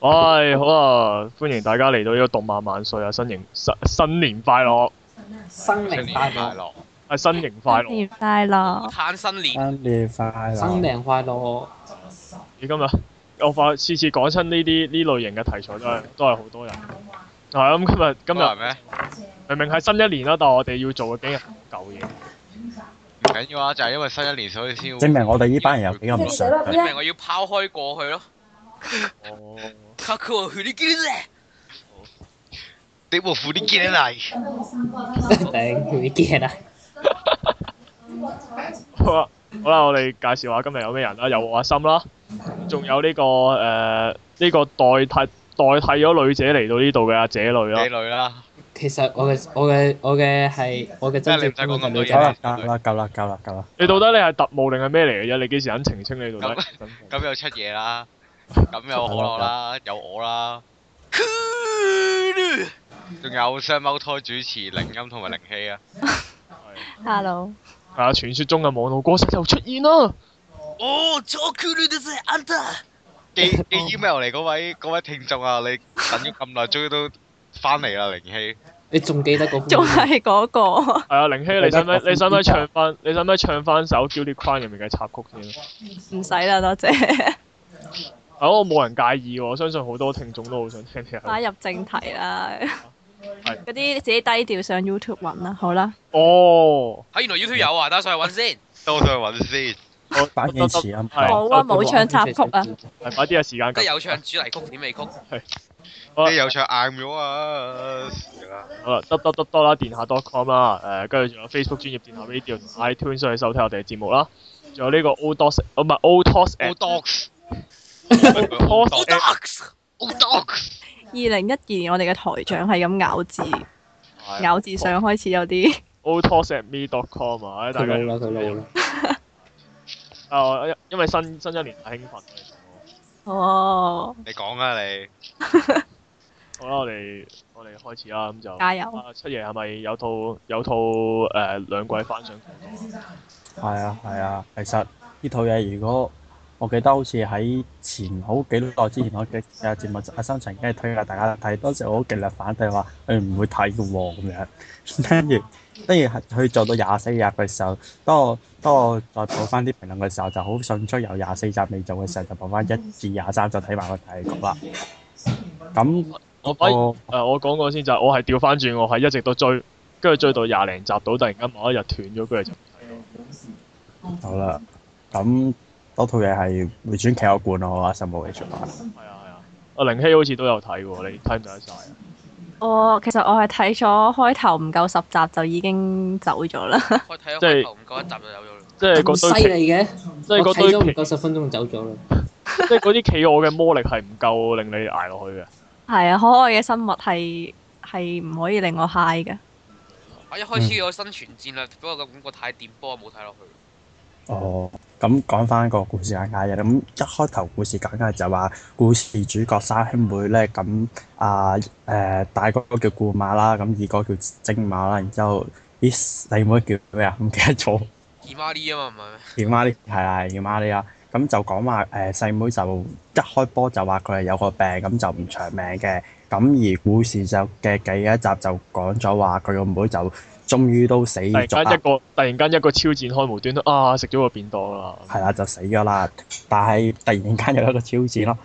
唉、哎，好啊！歡迎大家嚟到呢個《動漫萬歲》啊！新迎新新年快樂，新年快樂，新年快樂，新年快樂，新新年，新年快樂，新年快樂。你今日我發次次講親呢啲呢類型嘅題材都，都係都係好多人。係啊、嗯，咁今日今日係咩明明係新一年啦，但係我哋要做嘅幾日舊嘢，唔緊要啊，就係因為新一年所以先證明我哋呢班人有幾咁唔想。證明我要拋開過去咯。確保不離棄啫，但係不離棄唔得。好啦，好啦、這個，我哋介紹下今日有咩人啦，有阿心啦，仲有呢個誒呢個代替代替咗女仔嚟到呢度嘅阿姐女啦。姐女啦。其實我嘅我嘅我嘅係我嘅真係唔使講咁多啦。夠啦夠啦夠啦。你到底你係特務定係咩嚟嘅啫？你幾時肯澄清你到底？咁又 出嘢啦。咁有可樂啦，有我啦，Kulid，仲有雙胞胎主持靈音同埋靈希啊！Hello，係啊，傳說中嘅網絡歌手又出現啦！哦，Jo Koolidessy，under，寄寄 email 嚟嗰位嗰位聽眾啊，你等咗咁耐，終於都翻嚟啦，靈希。你仲記得嗰個？仲係嗰個。係啊，靈希，你使唔使你使唔使唱翻你使唔使唱翻首《Jo Kwon》入面嘅插曲先？唔使啦，多謝。啊！我冇人介意喎，我相信好多聽眾都好想聽聽。打入正題啦，嗰啲自己低調上 YouTube 揾啦，好啦。哦，喺原來 YouTube 有啊，等我上去揾先。都上去揾先。好啊？冇唱插曲啊。快啲啊！時間。即有唱主題曲，點尾曲？係。啲有唱硬咗啊！好啦得得得 w 啦，殿下 dot com 啦，誒，跟住仲有 Facebook 專業殿下 Radio 同 iTunes 上去收聽我哋嘅節目啦。仲有呢個 O Docs 唔係 O t o c s app。Orthodox，Orthodox。二零一二年我哋嘅台長係咁咬字，咬字上開始有啲 Orthodox@me.com 啊，大家好啦，大家好啦。啊，因為新新一年太興奮。哦，你講啊你。好啦，我哋我哋開始啦，咁就加油。七爺係咪有套有套誒兩季翻上？係啊係啊，其實呢套嘢如果。我記得好似喺前好幾耐之前，我嘅有節目阿生曾經推介大家睇，當時我好極力反對話佢唔會睇嘅喎，咁樣。跟住不如係去做到廿四日嘅時候，當我當我再補翻啲評論嘅時候，就好迅速由廿四集未做嘅時候就補翻一至廿三集睇埋個睇局啦。咁、嗯、我誒、嗯、我講過我先就我係調翻轉，我係一直都追，跟住追到廿零集到，突然間某一日斷咗佢就。好啦，咁。嗰套嘢係迴轉企鵝罐咯，我話生物迴轉。係啊係啊，我凌希好似都有睇喎，你睇唔睇得曬啊？我其實我係睇咗開頭唔夠十集就已經走咗啦。即係睇咗開頭唔夠一集就走咗啦。即係咁犀利嘅。即係睇咗唔夠十分鐘就走咗啦。即係嗰啲企鵝嘅魔力係唔夠令你捱落去嘅。係啊，可愛嘅生物係係唔可以令我 high 嘅。我一開始有生存戰略，不過感覺太電波，冇睇落去。哦，咁、嗯、講翻個故事簡介嘅，咁、嗯、一開頭故事簡介就話，故事主角三兄妹咧，咁、嗯、啊誒、呃、大哥叫顧馬啦，咁二哥叫精馬啦，然之後啲細妹叫咩啊？唔記得咗。二媽呢啊嘛，唔係咩？二媽呢？係啊，係二媽啲啊，咁、嗯嗯嗯嗯、就講話誒細妹就一開波就話佢係有個病，咁就唔長命嘅，咁、嗯、而故事就嘅幾一集就講咗話佢個妹就。終於都死咗，突然間一個，突然間一個超展開無端端啊！食咗個便當啦，係啦就死咗啦。但係突然間又一個超展開咯，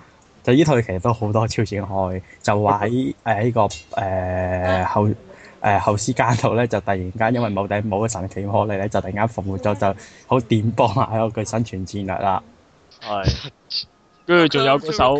就呢套其實都好多超展開。就話喺誒喺個誒、呃、後誒、呃、後屍間度咧，就突然間因為冇頂冇神奇魔力嚟咧，就突然間復活咗，就好點幫下佢生存戰略啦。係。是的 跟住仲有嗰首，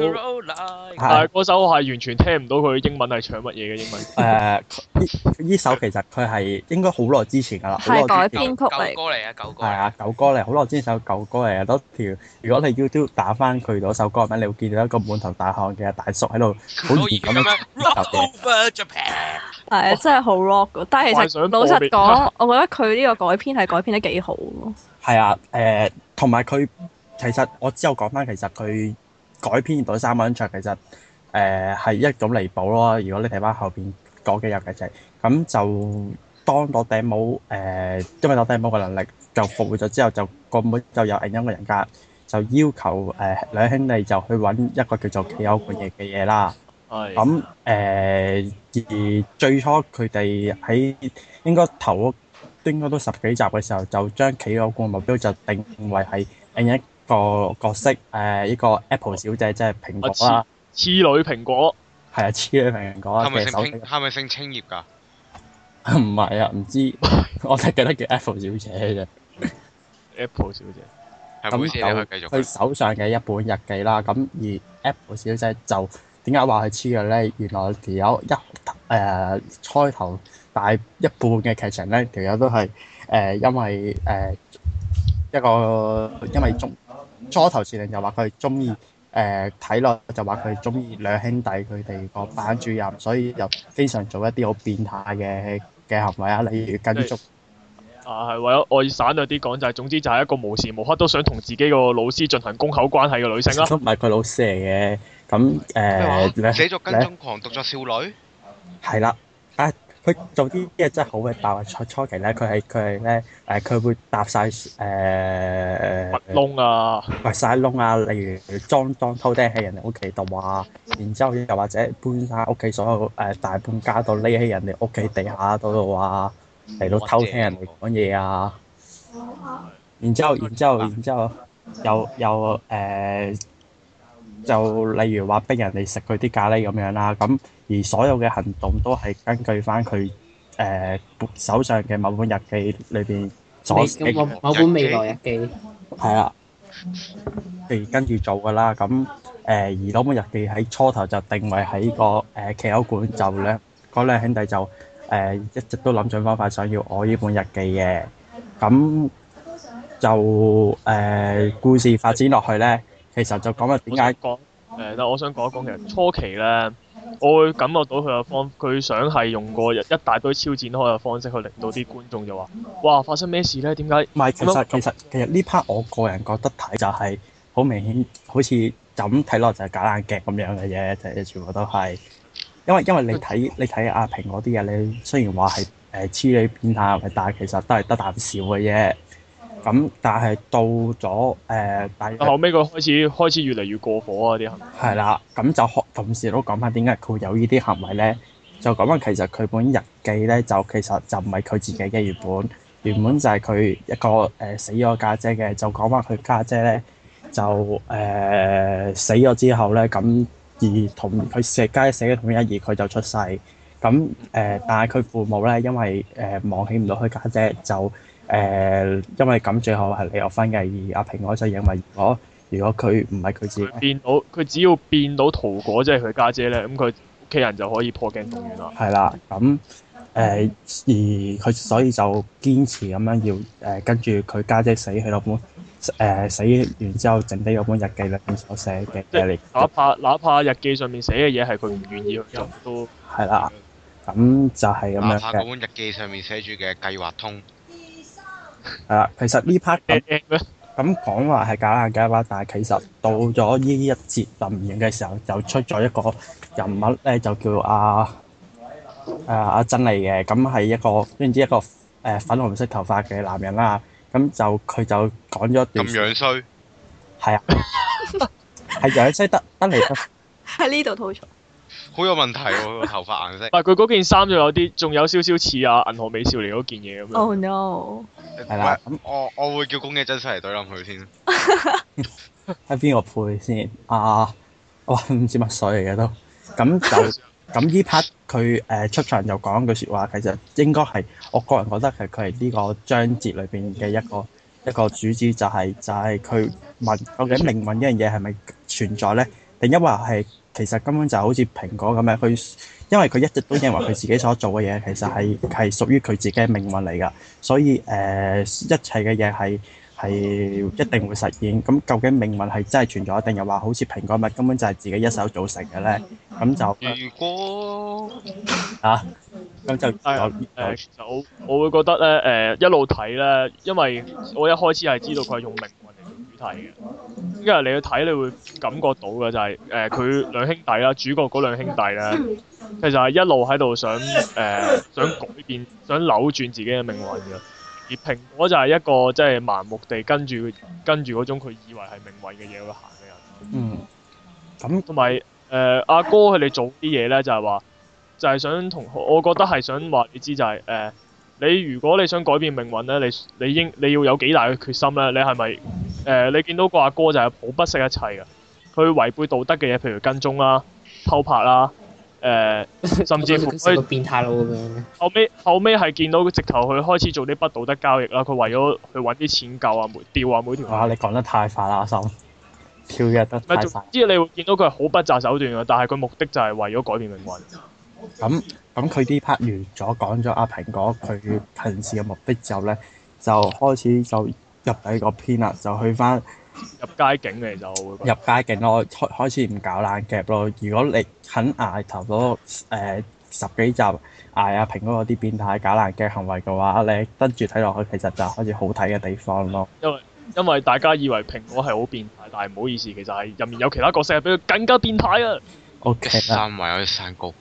係嗰首我係完全聽唔到佢英文係唱乜嘢嘅英文。誒，呢呢首其實佢係應該好耐之前噶啦，好改編曲舊歌嚟啊，舊歌係啊，舊歌嚟，好耐之前首舊歌嚟啊，多條。如果你 YouTube 打返佢嗰首歌入面，你會見到一個滿頭大汗嘅大叔喺度好熱咁樣。係啊，真係好 rock 嘅。但係其實老實講，我覺得佢呢個改編係改編得幾好咯。係啊，誒，同埋佢。其實我之後講翻，其實佢改編到三蚊桌，其實誒係一種彌補咯。如果你睇翻後邊嗰幾日嘅劇，咁就當到頂帽誒，因為當頂帽個能力就復活咗之後，就個妹就有另一個人格，就要求誒兩兄弟就去揾一個叫做企鵝罐嘅嘢啦。係咁誒，而最初佢哋喺應該頭應該都十幾集嘅時候，就將企鵝罐嘅目標就定為係另一。個角色誒，呢個 Apple 小姐即係蘋果啦，痴女蘋果係啊，痴女蘋果嘅手。係咪姓係咪姓青葉噶？唔係啊，唔知我只記得叫 Apple 小姐啫。Apple 小姐咁繼續佢手上嘅一本日記啦，咁而 Apple 小姐就點解話佢黐嘅咧？原來條友一誒開頭大一半嘅劇情咧，條友都係誒，因為誒一個因為中。初頭時令又話佢中意，誒睇落就話佢中意兩兄弟佢哋個班主任，所以又非常做一啲好變態嘅嘅行為啊，例如跟蹤。啊，係為咗外省有啲講就係，總之就係一個無時無刻都想同自己個老師進行公口關係嘅女性咯。都唔係佢老師嚟嘅，咁誒寫作跟蹤狂讀作少女。係啦。啊！佢做啲嘢真係好嘅，但係初初期咧，佢係佢係咧，誒佢、呃、會搭晒誒窿啊，挖曬窿啊，例如裝裝偷聽喺人哋屋企度啊，然之後又或者搬晒屋企所有誒、呃、大半家到匿喺人哋屋企地下度啊，嚟到偷聽人哋講嘢啊，然之後然之後然之後，然後又又誒、呃，就例如話逼人哋食佢啲咖喱咁樣啦，咁。而所有嘅行動都係根據翻佢誒手上嘅某本日記裏邊所寫嘅，某某本未來日記，係啊，係跟住做㗎啦。咁誒而嗰本日記喺初頭就定位喺個誒企鵝館，就咧嗰兩兄弟就誒一直都諗盡方法想要我呢本日記嘅。咁就誒故事發展落去咧，其實就講乜點解講？誒，但係我想講一講其實初期咧。我會感覺到佢嘅方，佢想係用過一大堆超展開嘅方式去令到啲觀眾就話：哇！發生咩事咧？點解實？唔係樣，其實其實其實呢 part 我個人覺得睇就係好明顯，好似就咁睇落就係搞爛 gag 咁樣嘅啫，就係、是、全部都係，因為因為你睇你睇阿平嗰啲嘢，你雖然話係誒黐你變態，但係其實都係得啖笑嘅啫。咁但係到咗誒，但、呃、後尾佢開始開始越嚟越過火啊啲，係啦，咁就同時都講翻點解佢有呢啲行為咧？就講翻其實佢本日記咧，就其實就唔係佢自己嘅原本，原本就係佢一個誒、呃、死咗家姐嘅，就講翻佢家姐咧就誒、呃、死咗之後咧，咁而同佢家姐死咗同一日，佢就出世，咁誒、呃，但係佢父母咧因為誒、呃、忘記唔到佢家姐，姐就。誒，因為咁最後係你落分嘅，而阿平我就認為，如果如果佢唔係佢自己變到，佢只要變到桃果即係佢家姐咧，咁佢屋企人就可以破鏡重圓啦。係啦，咁誒，而佢所以就堅持咁樣要誒跟住佢家姐死去。落本誒死完之後，整啲嗰本日記咧，佢所寫嘅。即哪怕哪怕日記上面寫嘅嘢係佢唔願意去都係啦，咁就係咁樣嘅。本日記上面寫住嘅計劃通。係啦、啊，其實呢 part 咁咁講話係假硬雞巴，但係其實到咗呢一節林然嘅時候，就出咗一個人物咧，就叫阿、啊、阿、啊、阿珍嚟嘅，咁係一個，總之一個誒粉紅色頭髮嘅男人啦，咁就佢就講咗一段。咁樣衰。係啊，係 樣衰得得嚟得，喺呢度吐槽。好有問題喎、啊、頭髮顏色， 但佢嗰件衫又有啲，仲有少少似啊銀河美少女嗰件嘢咁樣。Oh no！係啦的，嗯、我我會叫公雞真出嚟對冧佢先。係邊 個配先啊？哇，唔知乜水嚟嘅都。咁就咁呢 part 佢誒、呃、出場又講一句説話，其實應該係我個人覺得係佢係呢個章節裏邊嘅一個一個，一個主旨、就是，就係就係佢問究竟靈魂呢樣嘢係咪存在咧？定抑或係。其實根本就好似蘋果咁樣，佢因為佢一直都認為佢自己所做嘅嘢其實係係屬於佢自己嘅命運嚟㗎，所以誒、呃、一切嘅嘢係係一定會實現。咁究竟命運係真係存在，定又話好似蘋果物根本就係自己一手造成嘅咧？咁就如果嚇咁、啊、就誒是我我,我會覺得咧誒、呃、一路睇咧，因為我一開始係知道佢係用命運。係嘅，因為你去睇，你會感覺到嘅就係誒佢兩兄弟啦，主角嗰兩兄弟咧，其實係一路喺度想誒、呃、想改變、想扭轉自己嘅命運嘅。而蘋果就係一個即係、就是、盲目地跟住跟住嗰種佢以為係命運嘅嘢去行嘅人。嗯。咁。同埋誒阿哥佢哋做啲嘢咧，就係、是、話就係、是、想同我覺得係想話你知就係、是、誒。呃你如果你想改變命運咧，你你應你要有幾大嘅決心咧？你係咪誒？你見到個阿哥，哥就係好不惜一切嘅，佢違背道德嘅嘢，譬如跟蹤啦、啊、偷拍啦、啊，誒、呃、甚至乎變態佬咁樣。後尾後尾係見到佢直頭去開始做啲不道德交易啦，佢為咗去揾啲錢夠啊，沒掉啊，每條。哇！你講得太快啦，阿心，跳躍得太曬。之後你會見到佢係好不擇手段嘅，但係佢目的就係為咗改變命運。咁、嗯。咁佢啲 part 完咗，講咗阿蘋果佢近視嘅目的之後咧，就開始就入底個篇啦，就去翻入街景嚟。就入街景咯，開開始唔搞爛劇咯。如果你肯捱頭嗰、呃、十幾集捱阿、啊、蘋果嗰啲變態搞爛劇行為嘅話，你跟住睇落去其實就開始好睇嘅地方咯。因為因為大家以為蘋果係好變態，但係唔好意思，其實係入面有其他角色係比佢更加變態 Okay. 啊。O K 啦，山壞有啲高。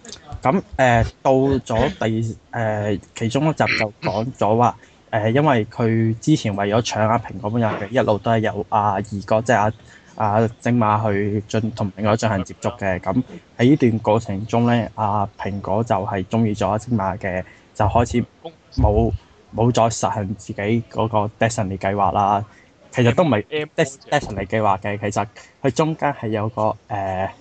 咁誒、呃、到咗第誒、呃、其中一集就講咗話誒，因為佢之前為咗搶阿、啊、蘋果本樣嘢，一路都係由阿、啊、二哥即係阿阿精馬去進同蘋果進行接觸嘅。咁喺呢段過程中咧，阿、啊、蘋果就係中意咗精馬嘅，就開始冇冇再實行自己嗰個 Destiny 計劃啦。其實都唔係 Destiny 計劃嘅，其實佢中間係有個誒。呃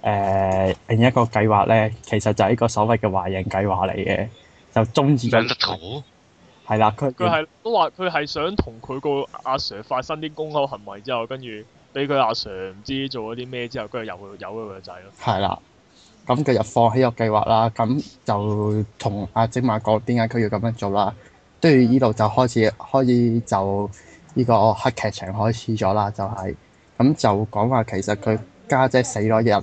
誒、呃、另一個計劃咧，其實就係一個所謂嘅懷孕計劃嚟嘅，就中意想得係啦，佢佢係都話佢係想同佢個阿 sir 發生啲公溝行為之後，跟住俾佢阿 sir 唔知做咗啲咩之後，跟住又佢由佢個仔咯。係啦，咁佢就放棄個計劃啦，咁就同阿芝麻講點解佢要咁樣做啦。跟住呢度就開始開始、嗯、就呢個黑劇情開始咗啦、就是，就係咁就講話其實佢家姐，姐死咗一日。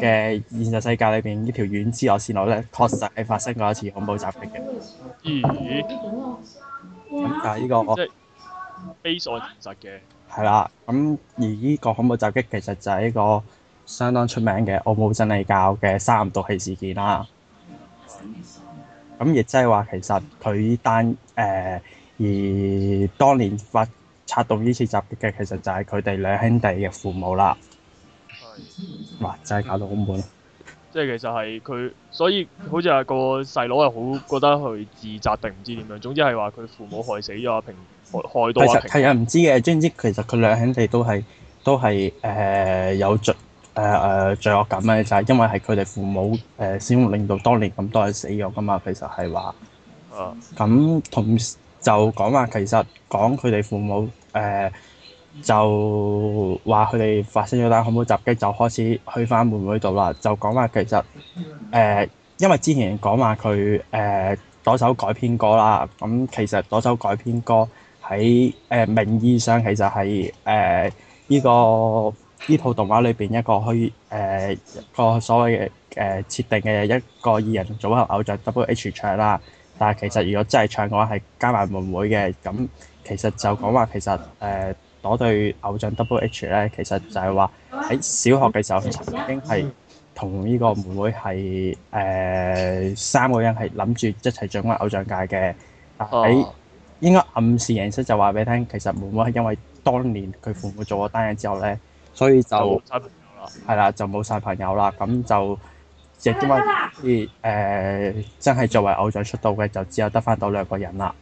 嘅現實世界裏邊呢條丸之內線路咧，確實係發生過一次恐怖襲擊嘅、嗯。嗯。咁、嗯、但係呢、這個即是我即係非所現實嘅。係啦、嗯，咁而呢個恐怖襲擊其實就係一個相當出名嘅奧姆真理教嘅三毒氣事件啦。咁亦即係話，其實佢單誒而當年發策動呢次襲擊嘅，其實就係佢哋兩兄弟嘅父母啦。哇！真係搞到好悶。嗯、即係其實係佢，所以好似係個細佬又好覺得去自責定唔知點樣。總之係話佢父母害死咗阿平，害害到阿平。係啊，唔知嘅。總之其實佢兩兄弟都係都係誒、呃、有罪誒誒罪惡、呃、感嘅，就係、是、因為係佢哋父母誒先令到當年咁多嘢死咗噶嘛。其實係話，啊，咁同就講話其實講佢哋父母誒。呃就話佢哋發生咗單恐怖襲擊，就開始去返妹妹度啦。就講話其實誒、呃，因為之前講話佢誒左手改編歌啦，咁、嗯、其實左手改編歌喺誒、呃、名義上其實係誒呢個呢套動畫裏邊一個可以誒、呃、個所謂誒、呃、設定嘅一個二人組合偶像 W H 唱啦。但係其實如果真係唱嘅話，係加埋妹妹嘅咁、嗯，其實就講話其實誒。呃嗰對偶像 Double H 咧，其實就係話喺小學嘅時候曾經係同呢個妹妹係誒、呃、三個人係諗住一齊進軍偶像界嘅，但係應該暗示形式就話俾你聽，其實妹妹係因為當年佢父母做咗單嘢之後咧，所以就冇晒朋友啦。係啦，就冇晒朋友啦，咁就即都因為誒真係作為偶像出道嘅，就只有得翻到兩個人啦。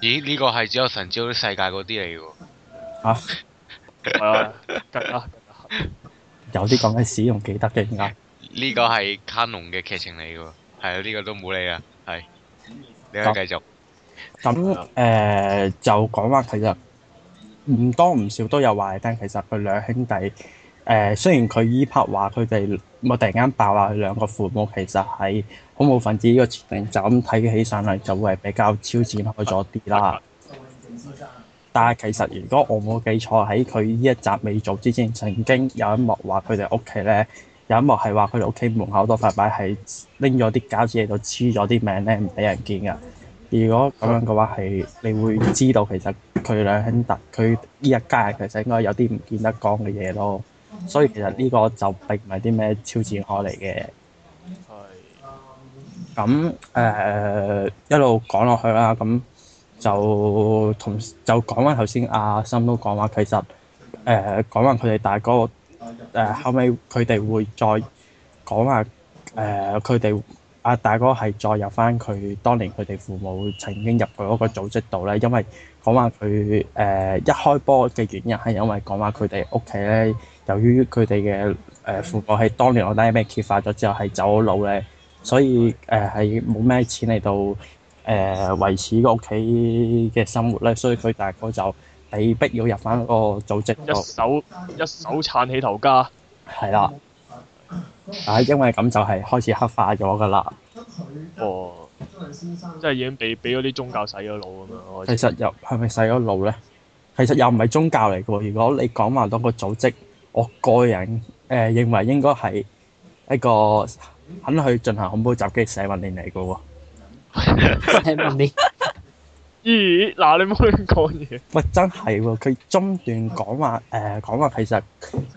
咦？呢、這個係只有神招啲世界嗰啲嚟㗎喎。嚇！有啲講緊使用記得嘅。呢個係卡農嘅劇情嚟㗎喎。係啊，呢個都冇理啦。係，你繼續。咁誒、嗯呃、就講話其實唔多唔少都有話，但係其實佢兩兄弟誒、呃，雖然佢依拍話佢哋。我突然間爆啊！佢兩個父母其實係恐怖分子呢個設定，就咁睇起上嚟就會係比較超前開咗啲啦。但係其實如果我冇記錯，喺佢呢一集未做之前，曾經有一幕話佢哋屋企咧，有一幕係話佢哋屋企門口多塊牌係拎咗啲膠紙喺度黐咗啲名咧，唔畀人見㗎。如果咁樣嘅話係，你會知道其實佢兩兄弟，佢呢一家人其實應該有啲唔見得光嘅嘢咯。所以其實呢個就並唔係啲咩超前開嚟嘅。咁誒、呃、一路講落去啦，咁就同就講翻頭先阿森都講話，其實誒講翻佢哋大哥誒、呃、後尾佢哋會再講話誒佢哋阿大哥係再入翻佢當年佢哋父母曾經入過嗰個組織度咧，因為。講話佢誒一開波嘅原因係因為講話佢哋屋企咧，由於佢哋嘅誒父母喺當年我爹咩揭發咗之後係走咗佬咧，所以誒係冇咩錢嚟到誒、呃、維持個屋企嘅生活咧，所以佢大概就被迫要入翻嗰個組織度一手一手撐起頭家。係啦。啊，因為咁就係開始黑化咗噶啦。哦。先生即係已經俾俾嗰啲宗教洗咗腦咁樣。其實又係咪洗咗腦咧？其實又唔係宗教嚟嘅喎。如果你講話當個組織，我個人誒認為應該係一個肯去進行恐怖襲擊嘅社民聯嚟嘅喎。社民聯。咦？嗱，你唔好亂講嘢。喂，真係喎，佢中段講話誒講話其實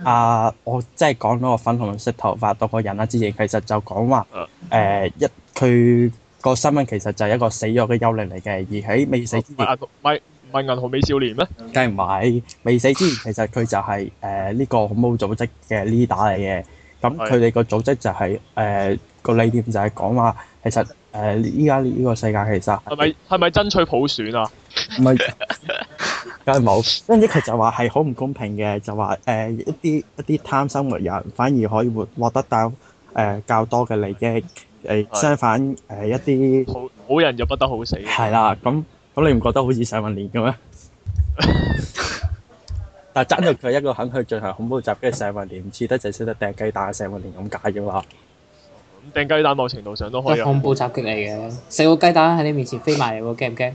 啊，我即係講咗個粉紅色頭髮當個人啦。之前其實就講話誒一佢。個新聞其實就係一個死咗嘅幽靈嚟嘅，而喺未死之前，唔係唔係銀河美少年咩？梗係唔係？未死之前其實佢就係誒呢個恐怖組織嘅 leader 嚟嘅。咁佢哋個組織就係誒個理念就係講話其實誒依家呢個世界其實係咪係咪爭取普選啊？唔係，梗係冇。跟住佢就話係好唔公平嘅，就話誒一啲一啲貪生活人反而可以獲獲得到誒較多嘅利益。誒相反，誒一啲好好人就不得好死。係啦，咁咁你唔覺得好似社運人嘅咩？但真係佢一個肯去進行恐怖襲擊，社運人唔似得就識得掟雞蛋，社運人咁解嘅話？掟雞蛋某程度上都可以。恐怖襲擊嚟嘅，四個雞蛋喺你面前飛埋嚟喎，驚唔驚？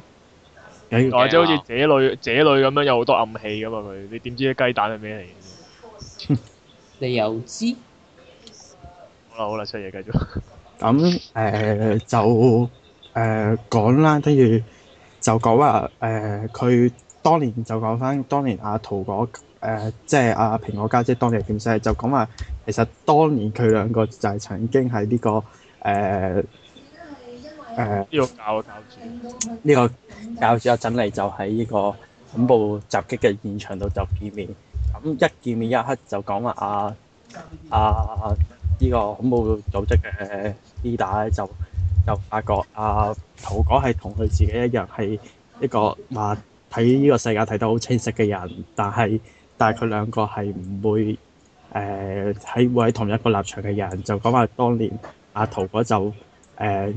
哦，即係好似這類這類咁樣有好多暗器嘅嘛，佢你點知啲雞蛋係咩嚟嘅？你又知？好啦好啦，出嘢繼續。咁誒、嗯、就誒、嗯、講啦，跟住就講話誒，佢、嗯、當年就講返當年阿、啊、桃、嗯即啊、果即係阿平我家姐當年點先？就講話其實當年佢兩個就係曾經喺呢、這個誒誒呢個教主，呢個教主阿珍妮就喺呢個恐怖襲擊嘅現場度就見面，咁一見面一刻就講話阿阿。啊啊呢個恐怖組織嘅 leader 咧，就就發覺阿、啊、桃果係同佢自己一樣係一個話睇呢個世界睇得好清晰嘅人，但係但係佢兩個係唔會誒喺、呃、會喺同一個立場嘅人，就講話當年阿、啊、桃果就誒、呃、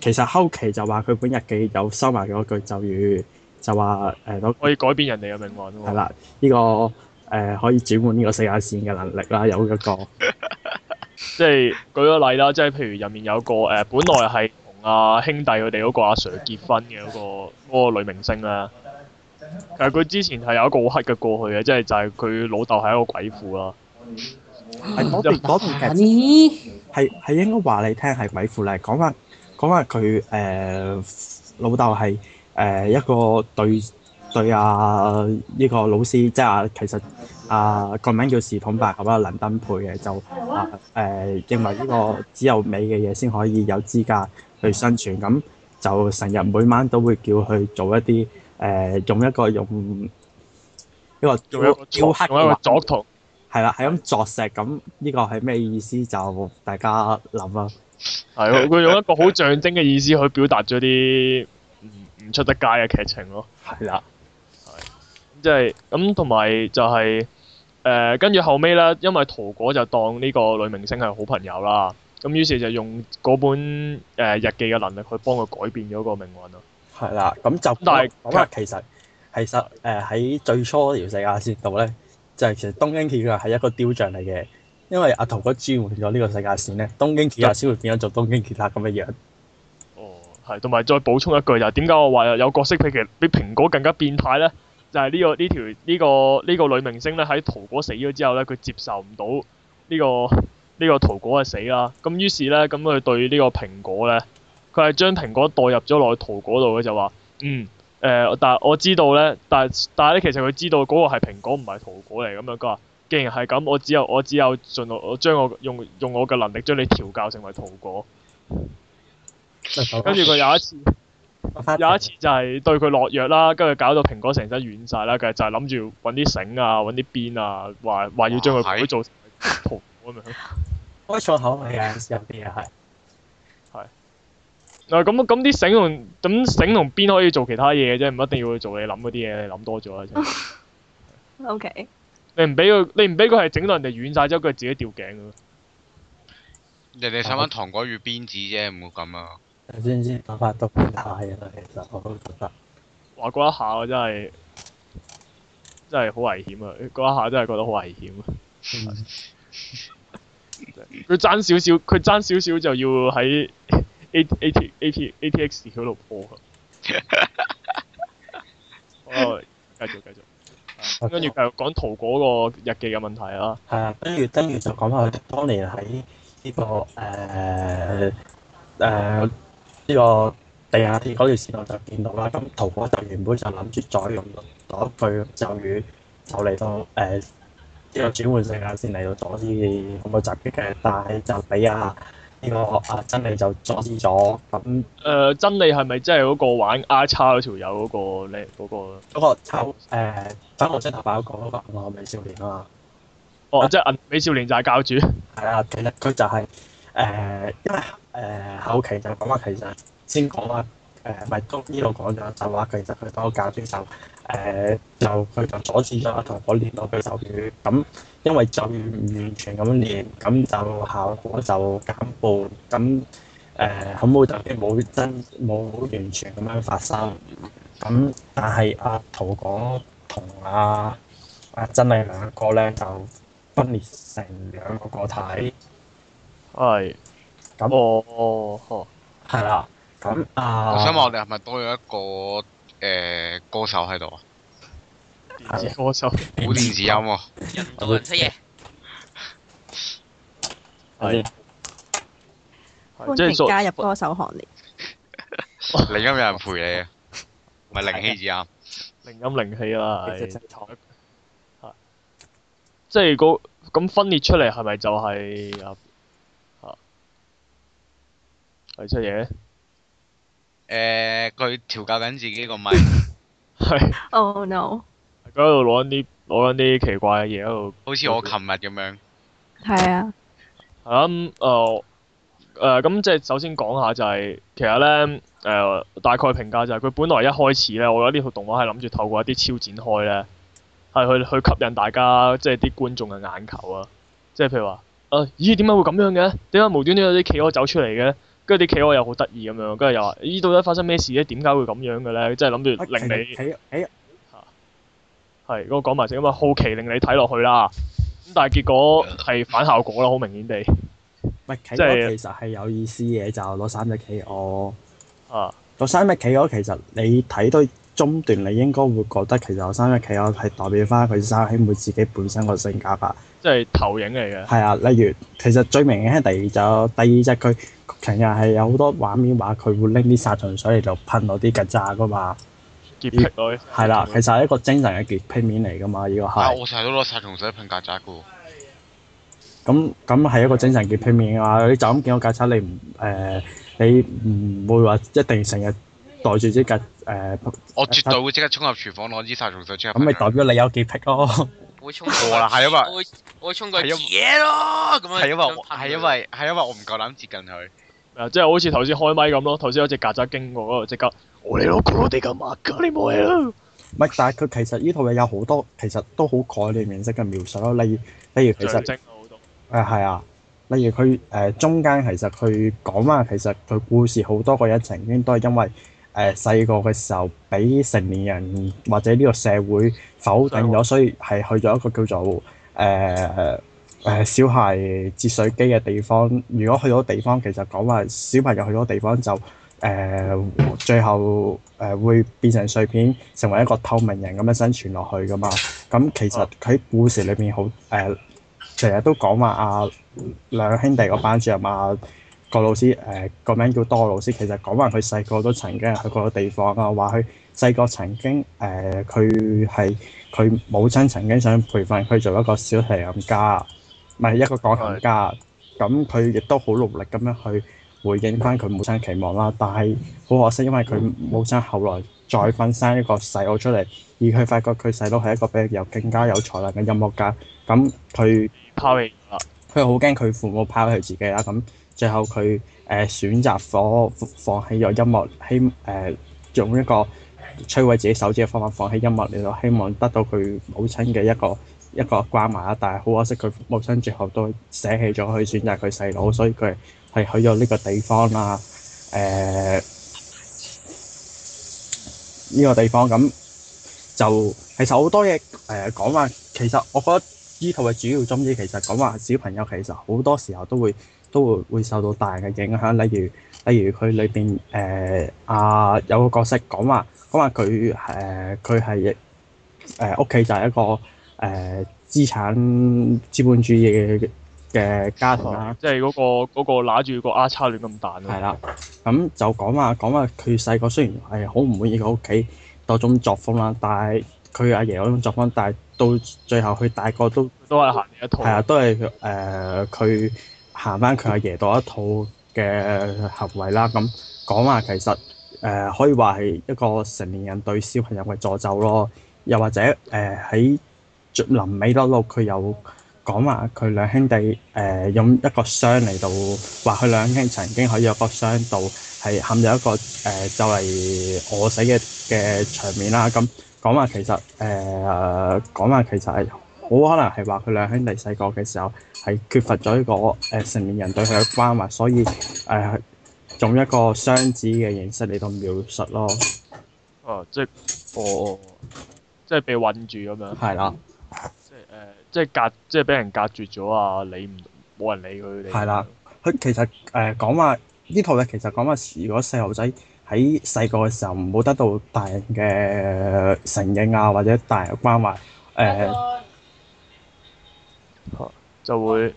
其實後期就話佢本日記有收埋咗句咒語，就話誒、呃、可以改變人哋嘅命運。係啦，呢、這個誒、呃、可以轉換呢個世界線嘅能力啦，有一個。 即係舉個例啦，即係譬如入面有個誒，本來係同阿兄弟佢哋嗰個阿 Sir 結婚嘅嗰、嗰個嗰個女明星啦。誒，佢之前係有一個好黑嘅過去嘅，即係就係佢老豆係一個鬼父囉。係嗰邊嗰邊嘅，係係是、嗯、應該話你聽係鬼父嚟。講返講返佢誒老豆係誒一個對。對啊，呢、這個老師即係、就是、其實啊個名叫《時通白，咁啊林登佩嘅，就啊誒、呃、認為呢個只有美嘅嘢先可以有資格去生存，咁就成日每晚都會叫佢做一啲誒、呃、用一個用一個雕一個鑿圖，係啦，係咁鑿石，咁呢個係咩意思？就大家諗啦，啊。係佢用一個好象徵嘅意思去表達咗啲唔唔出得街嘅劇情咯。係啦。 即係咁，同、嗯、埋就係、是、誒，跟、呃、住後尾咧，因為桃果就當呢個女明星係好朋友啦。咁於是就用嗰本誒、呃、日記嘅能力去幫佢改變咗個命運啊。係啦，咁就但係、嗯、其實其實誒喺、呃、最初條世界線度咧，就係其實東京鐵塔係一個雕像嚟嘅，因為阿桃果轉換咗呢個世界線咧，東京鐵塔先會變咗做東京鐵塔咁嘅樣。哦，係，同埋再補充一句就係點解我話有角色比其比蘋果更加變態咧？就係呢、呢個呢條呢個呢、呢個女明星咧，喺桃果死咗之後咧，佢接受唔到呢個呢、呢個桃果嘅死啦。咁於是咧，咁佢對呢個蘋果咧，佢係將蘋果代入咗落去桃果度嘅就話：嗯，誒、呃，但係我知道咧，但係但係咧，其實佢知道嗰個係蘋果唔係桃果嚟咁樣。佢話：既然係咁，我只有我只有盡我我將我用用我嘅能力將你調教成為桃果。跟住佢有一次。有一次就係對佢落藥啦，跟住搞到蘋果成身軟晒啦，佢就係諗住揾啲繩啊，揾啲鞭啊，話話要將佢做桃咁樣。開錯口啊，有啲啊係。係。嗱咁咁啲繩同咁繩同鞭可以做其他嘢嘅啫，唔一定要去做你諗嗰啲嘢，你諗多咗啦。O K。你唔俾佢，你唔俾佢係整到人哋軟晒之後，佢自己吊頸啊？人哋想玩糖果與鞭子啫，唔好咁啊。嗯 你先，唔知打翻到咁大啊？其實我都覺得，哇！嗰一下我真係，真係好危險啊！嗰一下真係覺得好危險啊！佢爭少少，佢爭少少就要喺 A A T A T A T X Q 度破啊！哦， 繼續繼續，跟住繼續講圖嗰個日記嘅問題啦。係啦、uh,，跟住跟住就講翻佢當年喺呢、這個誒誒。Uh, uh, 呢個地下鐵嗰條線我就見到啦。咁蘿哥就原本就諗住再用一句咒語，就嚟到誒呢、呃這個轉換性啊，先嚟到阻止恐怖襲擊嘅。但係就俾阿呢個阿真理就阻止咗。咁誒、呃、真理係咪即係嗰個玩 R 叉嗰條友嗰個咧？嗰、那個嗰個抽誒粉紅色頭髮嗰個嗰個美少年啊嘛。哦，啊、即係美少年就係教主。係啊，其實佢就係、是、誒，因、呃、為。啊啊誒、呃、後期就講話其實先講啊誒咪都呢度講咗就話其實佢多教啲就誒就佢就阻止咗阿陶果練到佢咒語咁，因為就唔完全咁樣練，咁就效果就減步，咁誒、呃、可能會導致冇真冇完全咁樣發生。咁但係阿、啊、陶果同阿阿真麗兩個咧就分裂成兩個個體，係、哎。咁哦，嗬、嗯，係啦、嗯。咁啊，嗯、我想問我哋係咪多咗一個誒、呃、歌手喺度啊？電子歌手，冇電子音、嗯，嗯、到人做人出嘢。係，即係加入歌手行列。零、就是、音有人陪你啊？唔係零氣子啊？零音零氣啊，即係個咁分裂出嚟、就是，係咪就係啊？係出嘢誒！佢調、呃、教緊自己個咪係。哦 oh, no！佢喺度攞緊啲，攞緊啲奇怪嘅嘢喺度，好似我琴日咁樣係啊。咁誒誒，咁、嗯呃呃、即係首先講下就係、是，其實咧誒、呃，大概評價就係、是、佢本來一開始咧，我覺得呢套動畫係諗住透過一啲超展開咧，係去去吸引大家即係啲觀眾嘅眼球啊。即係譬如話誒、呃，咦，點解會咁樣嘅？點解無端端有啲企鵝走出嚟嘅？跟住啲企鵝又好得意咁樣，跟住又話：咦，到底發生咩事咧？點解會咁樣嘅咧？即係諗住令你，哎如果我講埋先，咁 啊 好奇令你睇落去啦。咁但係結果係反效果啦，好明顯地。唔係企鵝其實係有意思嘅，就攞三隻企鵝。啊，攞三隻企鵝其實你睇都～中段你應該會覺得其實我三隻企鵝係代表翻佢三兄妹自己本身個性格啊，即係投影嚟嘅。係啊，例如其實最明顯係第二隻，第二隻佢成日係有好多畫面話佢會拎啲殺蟲水嚟就噴落啲曱甴噶嘛，潔癖女。係啦而，其實係一個精神嘅潔癖面嚟噶嘛，呢個係。啊！我成日都攞殺蟲水噴曱甴噶。咁咁係一個精神潔癖面㗎嘛？你就咁見到曱甴，你唔、誒、呃、你唔會話一定成日袋住啲曱誒，uh, 我絕對會即刻衝入廚房攞支殺蟲水，沖咁咪代表你有潔癖咯？會沖過啦，係啊嘛，我我沖過接嘢咯，咁樣係因,因,因為我係因為係因為我唔夠膽接近佢，誒、啊，即係好似頭先開麥咁咯，頭先有隻曱甴經過嗰度，即刻我你老母你咁啊，你冇影，唔係，但係佢其實呢套嘢有好多其實都好改你形式嘅描述咯，例如例如其實誒係啊，例如佢誒、呃、中間其實佢講話其實佢故事好多個人情經都係因為。誒，細個嘅時候，俾成年人或者呢個社會否定咗，所以係去咗一個叫做誒誒、呃呃、小孩節水機嘅地方。如果去咗地方，其實講話小朋友去咗地方就誒、呃，最後誒、呃、會變成碎片，成為一個透明人咁樣生存落去噶嘛。咁其實喺故事裏面，好、呃、誒，成日都講話啊兩兄弟個班主任啊。個老師誒、呃、個名叫多老師，其實講話佢細個都曾經去過個地方啊。話佢細個曾經誒，佢係佢母親曾經想培訓佢做一個小提琴家，唔係一個鋼琴家。咁佢亦都好努力咁樣去回應翻佢母親期望啦。但係好可惜，因為佢母親後來再婚生一個細佬出嚟，而佢發覺佢細佬係一個比佢又更加有才能嘅音樂家。咁佢拋棄啦，佢好驚佢父母拋棄自己啦。咁最後佢誒選擇咗放棄咗音樂，希誒用一個摧毀自己手指嘅方法放棄音樂嚟到希望得到佢母親嘅一個一個關懷啦。但係好可惜，佢母親最後都捨棄咗去選擇佢細佬，所以佢係去咗呢個地方啦。誒、呃、呢、這個地方咁就其實好多嘢誒、呃、講話，其實我覺得呢套嘅主要宗旨其實講話小朋友其實好多時候都會。都會會受到大嘅影響，例如，例如佢裏邊誒啊有個角色講話，講話佢誒佢係誒屋企就係一個誒、呃、資產資本主義嘅家庭啊、嗯，即係嗰個嗰個揦住個 R 叉亂咁彈啊。係啦，咁就講話，講話佢細個雖然係好唔滿意佢屋企多種作風啦，但係佢阿爺嗰種作風，但係到最後佢大個都都係行呢一套係啊，都係誒佢。呃行翻佢阿爺度一套嘅行為啦，咁講話其實誒、呃、可以話係一個成年人對小朋友嘅詛咒咯，又或者誒喺最臨尾嗰度，佢有講話佢兩兄弟誒、呃、用一個箱嚟到，話佢兩兄弟曾經喺個箱度係陷入一個誒就係餓死嘅嘅場面啦，咁講話其實誒、呃、講話其實係。冇可能係話佢兩兄弟細個嘅時候係缺乏咗一個誒、呃、成年人對佢嘅關懷，所以誒用、呃、一個雙子嘅形式嚟到描述咯。哦、啊，即係，哦，即係被困住咁樣。係啦的、呃。即係誒，即係隔，即係俾人隔住咗啊！理唔冇人理佢哋。係啦，佢其實誒、呃、講話呢套嘢，其實講話如果細路仔喺細個嘅時候唔好得到大人嘅承認啊，或者大人嘅關懷誒。呃就會，啊、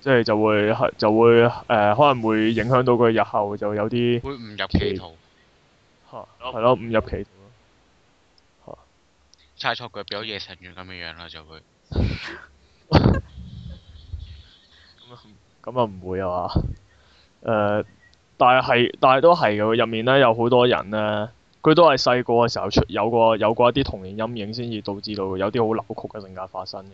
即係就會，就就會誒、呃，可能會影響到佢日後就有啲會誤入歧途。吓哈，係咯我，誤入歧途咯。猜錯佢表咗夜神月咁嘅樣啦，就會。咁啊， 咁啊，唔會啊嘛。誒，但係，但係都係嘅，入面咧有好多人咧。佢都係細個嘅時候出有過有過一啲童年陰影，先至導致到有啲好扭曲嘅性格發生嘅，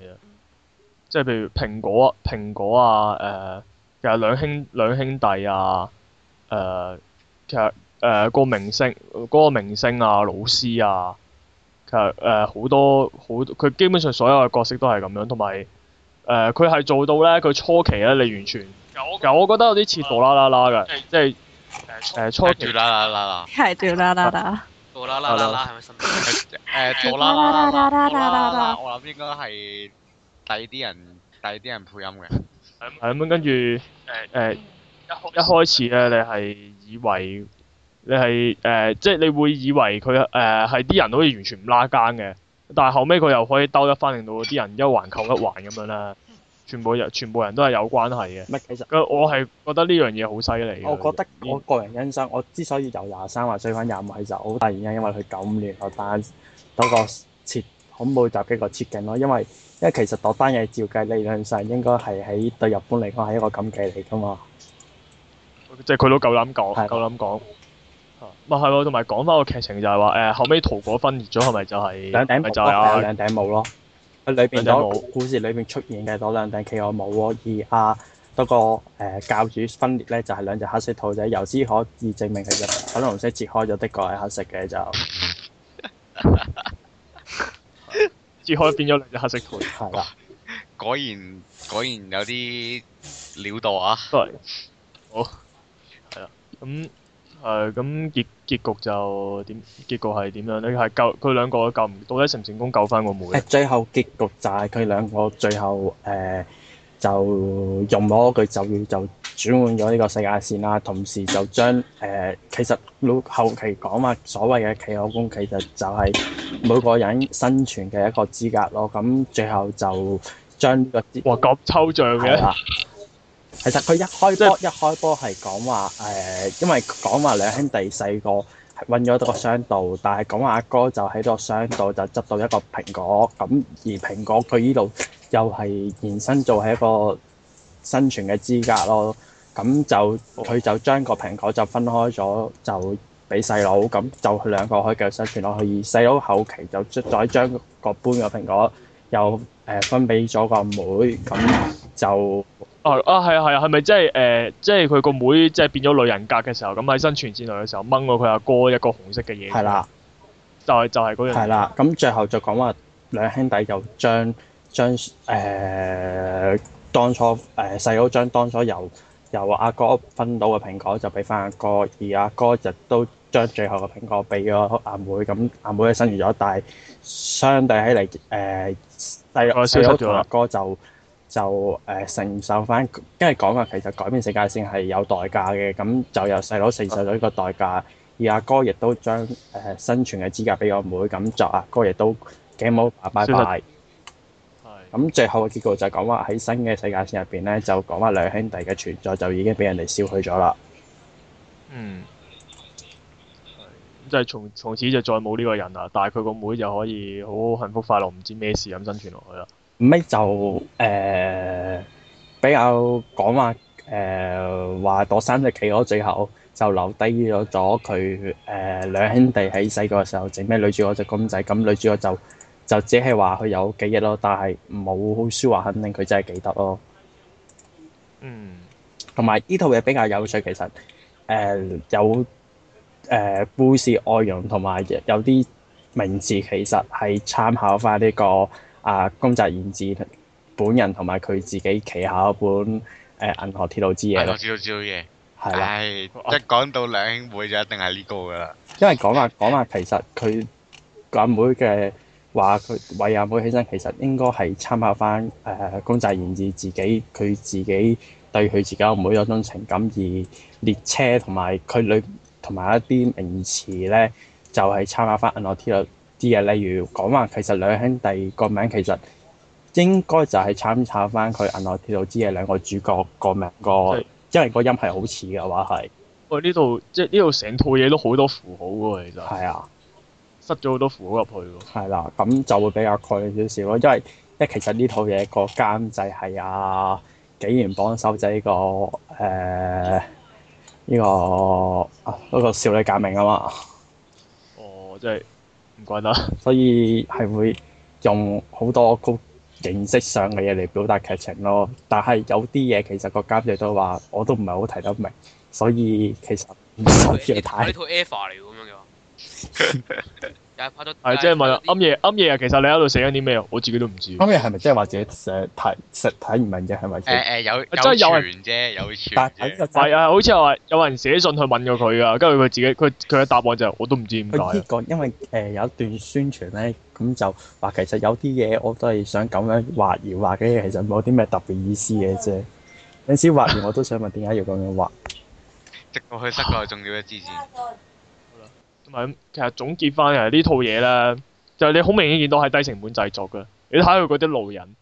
即係譬如蘋果蘋果啊，誒、呃、其實兩兄兩兄弟啊，誒、呃、其實誒嗰、呃那個明星嗰、那個明星啊老師啊，其實誒好、呃、多好佢基本上所有嘅角色都係咁樣，同埋誒佢係做到咧，佢初期咧你完全，其實我覺得有啲似哆啦 A 夢嘅，Okay. 即係。誒錯住啦啦啦，係住啦啦啦，啦啦啦啦啦，係咪新？誒錯啦啦啦啦啦啦，我諗應該係第二啲人第二啲人配音嘅。係咁，跟住誒誒一一開始咧，你係以為你係誒，即係你會以為佢誒係啲人可以完全唔拉更嘅，但係後尾佢又可以兜一翻，令到啲人一環扣一環咁樣啦。全部人全部人都係有關係嘅。其實，我係覺得呢樣嘢好犀利。我覺得我個人欣賞。因我之所以由廿三話衰返廿五係就好大原因，因為佢九五年嗰單嗰個設恐怖襲擊個設定咯。因為因為其實嗰單嘢照計理論上應該係喺對日本嚟講係一個禁忌嚟㗎嘛。即係佢都夠膽講，夠膽講。說啊，咪係咯。同埋講翻個劇情就係話誒，後尾桃果分裂咗，係咪就係咪就係兩頂帽咯？佢裏邊嗰故事裏邊出現嘅嗰兩頂企鵝帽而阿嗰個、呃、教主分裂咧，就係、是、兩,兩隻黑色兔仔，由之可以證明佢就粉紅色切開咗，的確係黑色嘅就。切開變咗兩隻黑色兔仔。係啦，果然果然有啲料到啊！好係啦。咁誒咁結。結局就點？結局係點樣？你係救佢兩個救唔到咧？成唔成功救翻個妹、妹？最後結局就係佢兩個最後誒、呃、就用咗佢就要就轉換咗呢個世界線啦。同時就將誒、呃、其實老後期講話所謂嘅企鵝罐其實就係、是就是、每個人生存嘅一個資格咯。咁最後就將呢、這個哇咁抽象嘅吓。其實佢一開波以一開波係講話誒，因為講話兩兄弟細個揾咗個商道，但係講話阿哥就喺個商道就執到一個蘋果，咁而蘋果佢呢度又係延伸做係一個生存嘅資格咯。咁就佢就將個蘋果就分開咗，就俾細佬，咁就兩個可以繼續生存落去。而細佬後期就再將個搬個蘋果又。誒、呃、分俾咗個阿妹，妹，咁就哦啊，係啊，係啊、就是，係咪即係誒？即係佢個妹即係變咗女人格嘅時候，咁喺生存智女嘅時候掹過佢阿哥一個紅色嘅嘢，係啦，就係、是、就係嗰樣係啦，咁最後就講話兩兄弟就將將誒、呃、當初誒細佬將當初由由阿哥，哥分到嘅蘋果就俾翻阿哥，而阿哥，哥就都將最後嘅蘋果俾個阿妹，咁阿妹咧生存咗，但係相對起嚟誒。呃但細佬同阿哥就就誒、呃、承受翻，跟住講話其實改變世界線係有代價嘅，咁就由細佬承受咗呢個代價，而阿哥亦都將誒、呃、生存嘅資格俾我妹妹，咁作，阿哥亦都 game over，拜拜。咁最後嘅結局就講話喺新嘅世界線入邊咧，就講話兩兄弟嘅存在就已經俾人哋消去咗啦。嗯。即係從從此就再冇呢個人啦，但係佢個妹就可以好幸福快樂，唔知咩事咁生存落去啦。唔係就誒、呃、比較講話誒話躲山隻企鵝最後就留低咗佢誒兩兄弟喺細個嘅時候整咩女主角隻公仔，咁女主角就就只係話佢有記憶咯，但係冇書話肯定佢真係記得咯。嗯，同埋呢套嘢比較有趣，其實誒、呃、有。誒故、呃、事內容同埋有啲名字其實係參考翻、這、呢個啊宮澤賢治本人，同埋佢自己寫下一本誒、呃《銀河鐵路之》鐵路之夜咯，的《銀一、哎、講到兩兄妹就一定係呢個㗎喇、啊。因為講話講話其實佢阿妹嘅話，佢為阿妹犧牲，其實應該係參考翻誒宮澤賢治自己佢自己對佢自己阿妹嗰種情感，而列車同埋佢女。同埋一啲名詞咧，就係、是、參考翻《銀河鐵路》啲嘢，例如講話其實兩兄弟個名其實應該就係參考翻佢《銀河鐵路》之嘅兩個主角個名，個是因為個音係好似嘅話係。我呢度即係呢度成套嘢都好多符號嘅，其實。係啊，塞咗好多符號入去㗎。係啦、啊，咁就會比較蓋少少咯，因為即係其實呢套嘢個監製係阿、啊、紀元幫手仔、這個誒。呃呢、這個啊，嗰、這個少女革命啊嘛，哦，即係唔怪得，所以係會用好多個形式上嘅嘢嚟表達劇情咯。但係有啲嘢其實個監製都話，我都唔係好睇得明，所以其實唔需要睇。 係即係問暗嘢，暗嘢啊！其實你喺度寫緊啲咩？我自己都唔知。暗嘢係咪即係或者寫睇寫睇唔明啫？係咪？誒，有真係有傳啫，有傳係啊，好似話有人寫信去問過佢噶，跟住佢自己，佢佢嘅答案就我都唔知點解。因為誒有一段宣傳咧，咁就話其實有啲嘢我都係想咁樣畫而畫嘅，嘢其實冇啲咩特別意思嘅啫。有次畫完，我都想問點解要咁樣畫。直到去失個，仲要一支箭。其實總結翻係呢套嘢咧，就係、是、你好明顯見到係低成本製作嘅。你睇佢嗰啲路人，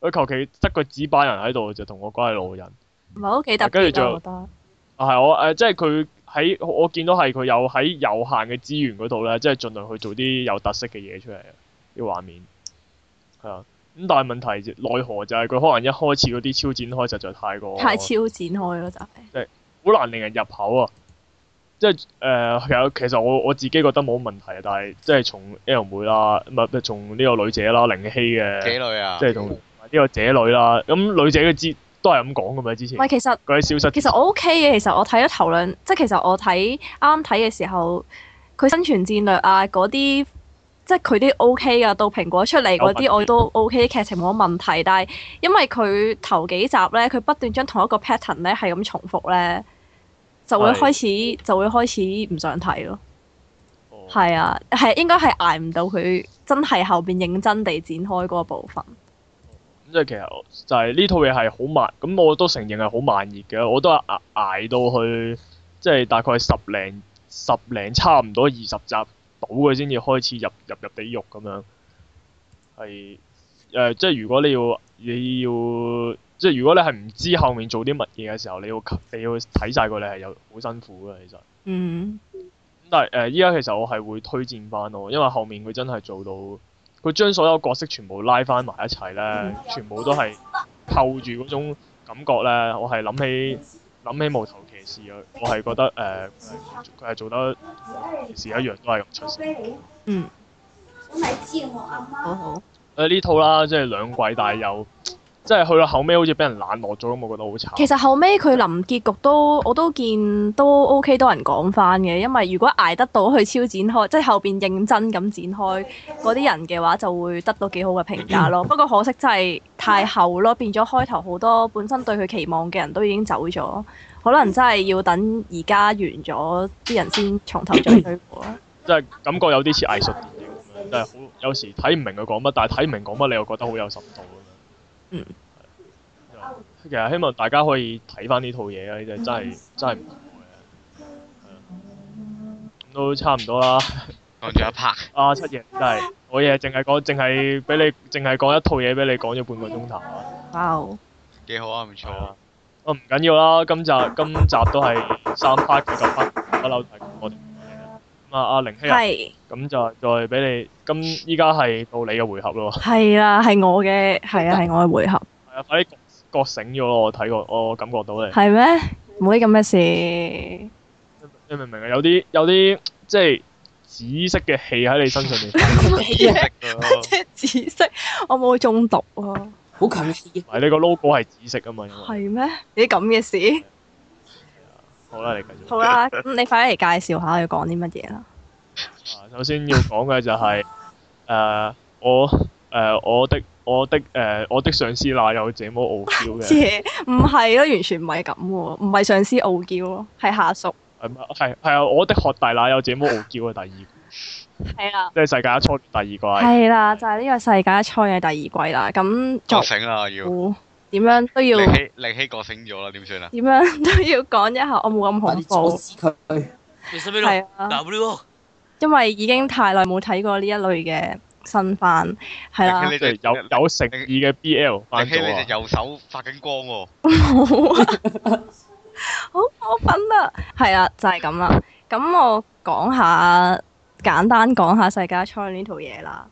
佢求其得個紙板人喺度就同我講係路人，唔係好幾特別，跟住仲有。啊、就係我誒、啊啊，即係佢喺我見到係佢有喺有限嘅資源嗰度咧，即係盡量去做啲有特色嘅嘢出嚟，啲畫面係啊。咁但係問題奈何就係佢可能一開始嗰啲超展開實在太過，太超展開咯就係，係好難令人入口啊。即係誒有其實我我自己覺得冇問題啊，但係即係從 L 妹啦，唔係唔係從呢個女姐啦，靈希嘅女啊，即係同呢個姐女啦，咁、嗯、女姐嘅知都係咁講噶嘛之前。喂，其實嗰啲消失其、OK，其實我 OK 嘅。其實我睇咗頭兩，即係其實我睇啱睇嘅時候，佢生存戰略啊嗰啲，即係佢啲 OK 啊，到蘋果出嚟嗰啲，問我都 OK。劇情冇乜問題，但係因為佢頭幾集咧，佢不斷將同一個 pattern 咧係咁重複咧。就會開始是就會開始唔想睇咯，係啊、oh.，係應該係捱唔到佢真係後邊認真地展開嗰部分。即係、嗯嗯、其實就係呢套嘢係好慢，咁我都承認係好慢熱嘅。我都係捱，捱到去，即、就、係、是、大概十零十零差唔多二十集到嘅先至開始入入入地肉咁樣。係誒，即、呃、係、就是、如果你要你要。即係如果你係唔知後面做啲乜嘢嘅時候，你要你要睇晒佢，你係有好辛苦嘅其實。嗯、mm。Hmm. 但係誒，依、呃、家其實我係會推薦翻咯，因為後面佢真係做到，佢將所有角色全部拉翻埋一齊咧，全部都係扣住嗰種感覺咧。我係諗起諗起無頭騎士啊，我係覺得誒，佢、呃、係做得騎士一樣都係咁出色。嗯、mm。我咪知我阿媽。誒、huh. 呢、呃、套啦，即、就、係、是、兩季，但係有。即係去到後尾，好似俾人冷落咗咯，我覺得好慘。其實後尾佢臨結局都，我都見都 OK，多人講翻嘅。因為如果捱得到去超展開，即係後邊認真咁展開嗰啲人嘅話，就會得到幾好嘅評價咯。 不過可惜真係太後咯，變咗開頭好多本身對佢期望嘅人都已經走咗，可能真係要等而家完咗啲人先從頭再追過。 即係感覺有啲似藝術電影咁樣，即係好，有時睇唔明佢講乜，但係睇唔明講乜，你又覺得好有深度。嗯，其實希望大家可以睇翻呢套嘢啊！呢就真係真係唔錯嘅，嗯嗯嗯、都差唔多啦。講咗一拍。a 啊， 七爺真係我嘢淨係講，淨係俾你，淨係講一套嘢俾你講咗半個鐘頭啊，幾哇、嗯、好啊，唔錯啊，唔緊要啦，今集今集都係三 part 九 part 不嬲，我哋。啊！阿玲希，咁就再俾你，咁依家係到你嘅回合咯。係啊，係我嘅，係啊，係我嘅回合。係啊，快啲覺醒咗咯！我睇過，我感覺到你。係咩？冇啲咁嘅事。你明唔明啊？有啲有啲即係紫色嘅氣喺你身上面。紫色，紫色，我冇中毒啊！好近，唔係你個 logo 係紫色啊嘛？係咩？你啲咁嘅事。好啦，你繼續好。好、嗯、啦，咁你快啲嚟介紹下要講啲乜嘢啦。首先要講嘅就係、是、誒、呃、我誒、呃、我的我的誒、呃、我的上司哪有這麼傲嬌嘅。唔係咯，完全唔係咁嘅，唔係上司傲嬌咯，係下屬。係係啊，我的學弟哪有這麼傲嬌嘅。第二季，係啦。即係世界一初第二季。係啦、 啊啊，就係、是、呢個世界一初嘅第二季啦。咁我醒啦，要。點樣都要，力氣過醒咗啦，點算啊？點樣都要講一下，我冇咁恐怖。阻止佢。係啊。W，因為已經太耐冇睇過呢一類嘅新番，係啦、啊。你哋有有誠意嘅 BL 番組你哋右手發緊光喎、哦。好 過分啊！係 啊，就係咁啦。咁我講下，簡單講下《世界初戀》呢套嘢啦。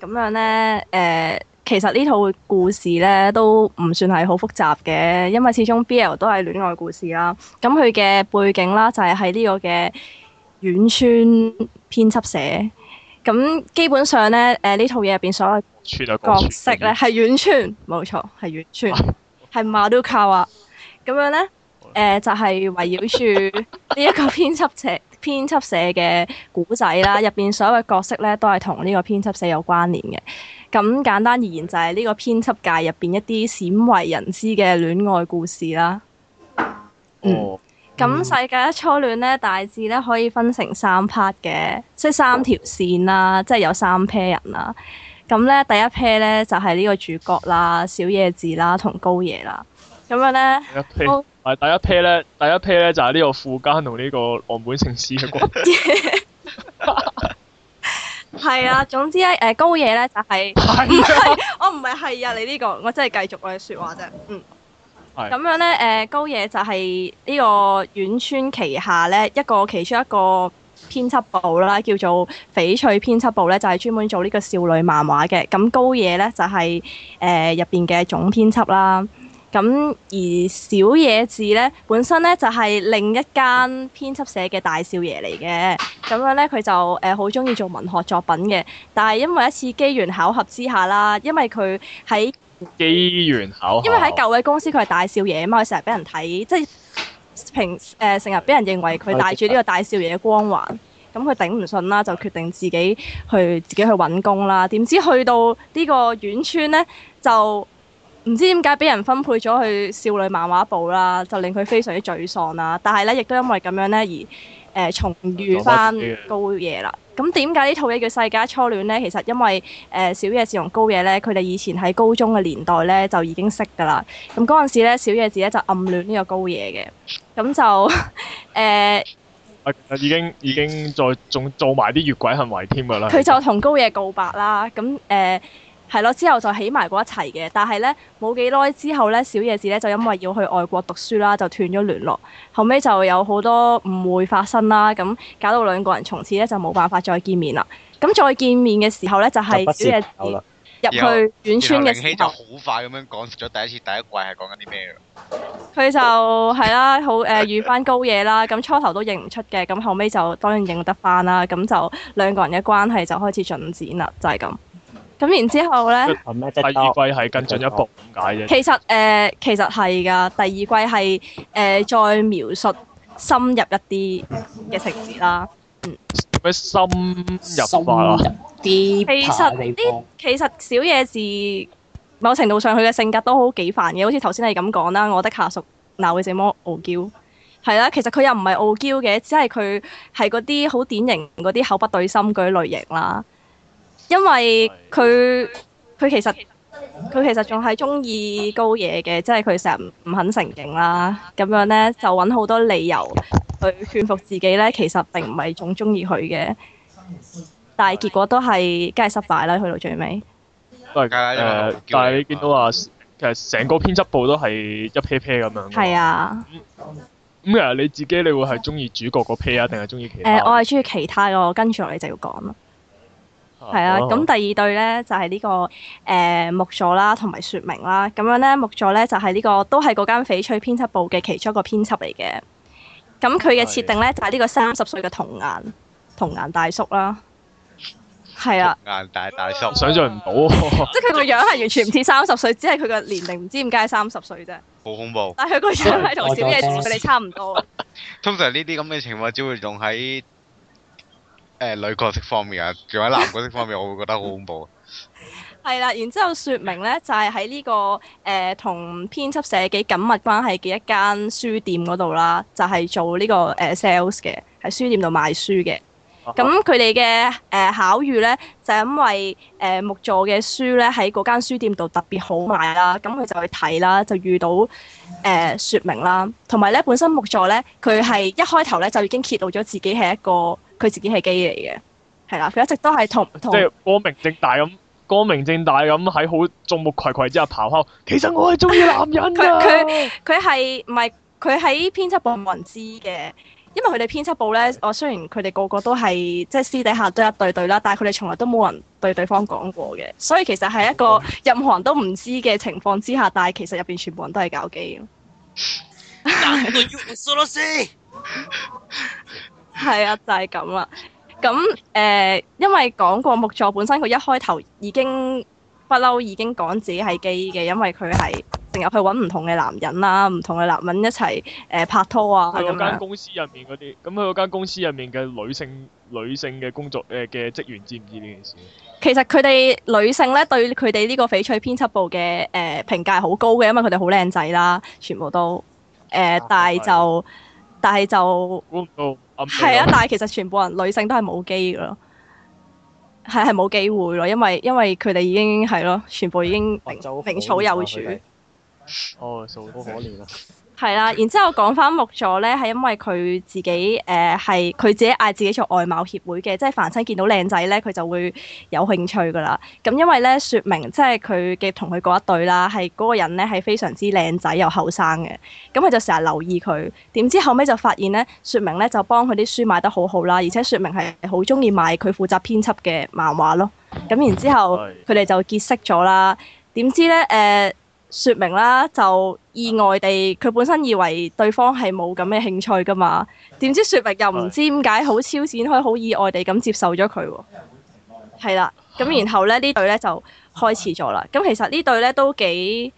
咁樣咧，誒。其實呢套故事咧都唔算係好複雜嘅，因為始終 BL 都係戀愛故事啦。咁佢嘅背景啦就係喺呢個嘅遠川編輯社。咁基本上咧，誒、呃、呢套嘢入邊所有角色咧係遠川，冇錯係遠川，係馬都卡哇。咁樣咧，誒、呃、就係、是、圍繞住呢一個編輯社 編輯社嘅古仔啦。入邊所有嘅角色咧都係同呢個編輯社有關聯嘅。咁簡單而言，就係、是、呢個編輯界入邊一啲鮮為人知嘅戀愛故事啦。哦、嗯。咁、嗯、世界一初戀咧，大致咧可以分成三 part 嘅，即係三條線啦、啊，即係有三 pair 人啦、啊。咁呢第一 pair 呢，就係、是、呢個主角啦，小野寺啦同高野啦。咁樣呢、哦、呢，第一 pair。係第一 pair 咧，就係呢個富間同呢個岸本城市嘅故事。係啊，總之咧，誒、呃、高野咧就係唔係， 我唔係係啊，你呢、這個我真係繼續我嘅說話啫，嗯，咁、啊、樣咧，誒、呃、高野就係呢個遠村旗下咧一個其中一個編輯部啦，叫做翡翠編輯部咧，就係、是、專門做呢個少女漫畫嘅，咁高野咧就係誒入邊嘅總編輯啦。咁而小野治呢，本身呢就係、是、另一間編輯社嘅大少爺嚟嘅。咁樣呢，佢就誒好中意做文學作品嘅。但係因為一次機緣巧合之下啦，因為佢喺機緣巧合，因為喺舊嘅公司佢係大少爺啊嘛，佢成日俾人睇，即係平誒成日俾人認為佢帶住呢個大少爺嘅光環。咁佢、嗯嗯、頂唔順啦，就決定自己去自己去揾工啦。點知去到呢個遠村呢，就～就唔知點解俾人分配咗去少女漫畫部啦，就令佢非常之沮喪啦。但係咧，亦都因為咁樣咧而誒、呃、重遇翻高野啦。咁點解呢套嘢叫《世界初戀》咧？其實因為誒、呃、小野寺同高野咧，佢哋以前喺高中嘅年代咧就已經識㗎啦。咁嗰陣時咧，小野寺咧就暗戀呢個高野嘅。咁就誒、呃啊，已經已經再仲做埋啲越軌行為添㗎啦。佢就同高野告白啦。咁、啊、誒。嗯啊係咯，之後就起埋過一齊嘅，但係咧冇幾耐之後咧，小夜子咧就因為要去外國讀書啦，就斷咗聯絡。後尾就有好多誤會發生啦，咁搞到兩個人從此咧就冇辦法再見面啦。咁、嗯、再見面嘅時候咧，就係、是、小夜子入去遠村嘅時候。承希就好快咁樣講咗第一次第一季係講緊啲咩？佢就係啦， 好誒遇翻高野啦，咁、嗯、初頭都認唔出嘅，咁、嗯、後尾就當然認得翻啦，咁、嗯、就兩個人嘅關係就開始進展啦，就係、是、咁。咁然之後咧實、呃，第二季係更進一步，點解啫？其實誒，其實係㗎，第二季係誒再描述深入一啲嘅情節啦。咩、嗯、深入化啦入？其實啲其，其實小野治某程度上佢嘅性格都好幾煩嘅，好似頭先你咁講啦。我的下屬鬧佢這麼傲嬌，係啦，其實佢又唔係傲嬌嘅，只係佢係嗰啲好典型嗰啲口不對心嗰啲類型啦。因為佢佢其實佢其實仲係中意高野嘅，即係佢成日唔肯承認啦。咁樣咧就揾好多理由去勸服自己咧，其實並唔係仲中意佢嘅。但係結果都係梗係失敗啦，去到最尾。都係誒，但係你見到話、啊、其實成個編輯部都係一 pair pair 咁樣。係啊。咁其實你自己你會係中意主角個 pair 啊，定係中意其他？呃、我係中意其他嘅，跟住我你就要講咯。係啊，咁第二對咧就係、是、呢、這個誒、呃、木座啦，同埋說明啦。咁樣咧木座咧就係、是、呢、這個都係嗰間翡翠編輯部嘅其中一個編輯嚟嘅。咁佢嘅設定咧就係、是、呢個三十歲嘅童顏童顏大叔啦。係啊，童顏大大叔，啊、想象唔到、啊。即係佢個樣係完全唔似三十歲， 只係佢個年齡唔知點解三十歲啫。好恐怖。但係佢個樣係同小野似，佢哋差唔多。 通常呢啲咁嘅情況只會用喺。誒、呃、女角色方面啊，仲喺男角色方面， 我會覺得好恐怖。係啦，然之後説明咧，就係喺呢個誒同、呃、編輯社幾緊密關係嘅一間書店嗰度啦，就係、是、做呢、這個誒、呃、sales 嘅喺書店度賣書嘅。咁佢哋嘅誒巧遇咧，就是、因為誒、呃、木座嘅書咧喺嗰間書店度特別好賣啦，咁佢就去睇啦，就遇到誒説、呃、明啦，同埋咧本身木座咧佢係一開頭咧就已經揭露咗自己係一個。佢自己係基嚟嘅，係啦，佢一直都係同，同即係光明正大咁，光明正大咁喺好眾目睽睽之下咆哮。其實我係中意男人啊！ 佢佢佢係唔係佢喺編輯部冇人知嘅，因為佢哋編輯部咧，我雖然佢哋個個都係即係私底下都一對對啦，但係佢哋從來都冇人對對方講過嘅，所以其實係一個任何人都唔知嘅情況之下，但係其實入邊全部人都係搞基。男人要收係 啊，就係咁啦。咁、嗯、誒，因為講過木座本身佢一開頭已經不嬲，已經講自己係基嘅，因為佢係成日去搵唔同嘅男人啦，唔同嘅男人一齊誒、呃、拍拖啊。喺嗰間公司入面嗰啲，咁佢嗰間公司入面嘅女性女性嘅工作嘅職、呃、員知唔知呢件事？其實佢哋女性呢，對佢哋呢個翡翠編輯部嘅誒評價好高嘅，因為佢哋好靚仔啦，全部都誒、呃，但係就但係就。估唔到。係啊，嗯、 但係其實全部人女性都係冇機㗎咯，係，係冇機會咯，因為因為佢哋已經係咯，全部已經名草，啊、名草有主。啊啊、哦，好可憐啊！ 係啦，然之後講翻木座咧，係因為佢自己誒係佢自己嗌自己做外貌協會嘅，即係凡親見到靚仔咧，佢就會有興趣噶啦。咁因為咧，説明即係佢嘅同佢嗰一對啦，係嗰個人咧係非常之靚仔又後生嘅，咁佢就成日留意佢。點知後尾就發現咧，説明咧就幫佢啲書賣得好好啦，而且説明係好中意買佢負責編輯嘅漫畫咯。咁然之後佢哋就結識咗啦。點知咧誒？呃説明啦，就意外地，佢、嗯、本身以為對方係冇咁嘅興趣噶嘛，點、嗯、知説明又唔知點解好超展開可以好意外地咁接受咗佢喎。係啦，咁然後咧呢對咧就開始咗啦。咁其實隊呢對咧都幾，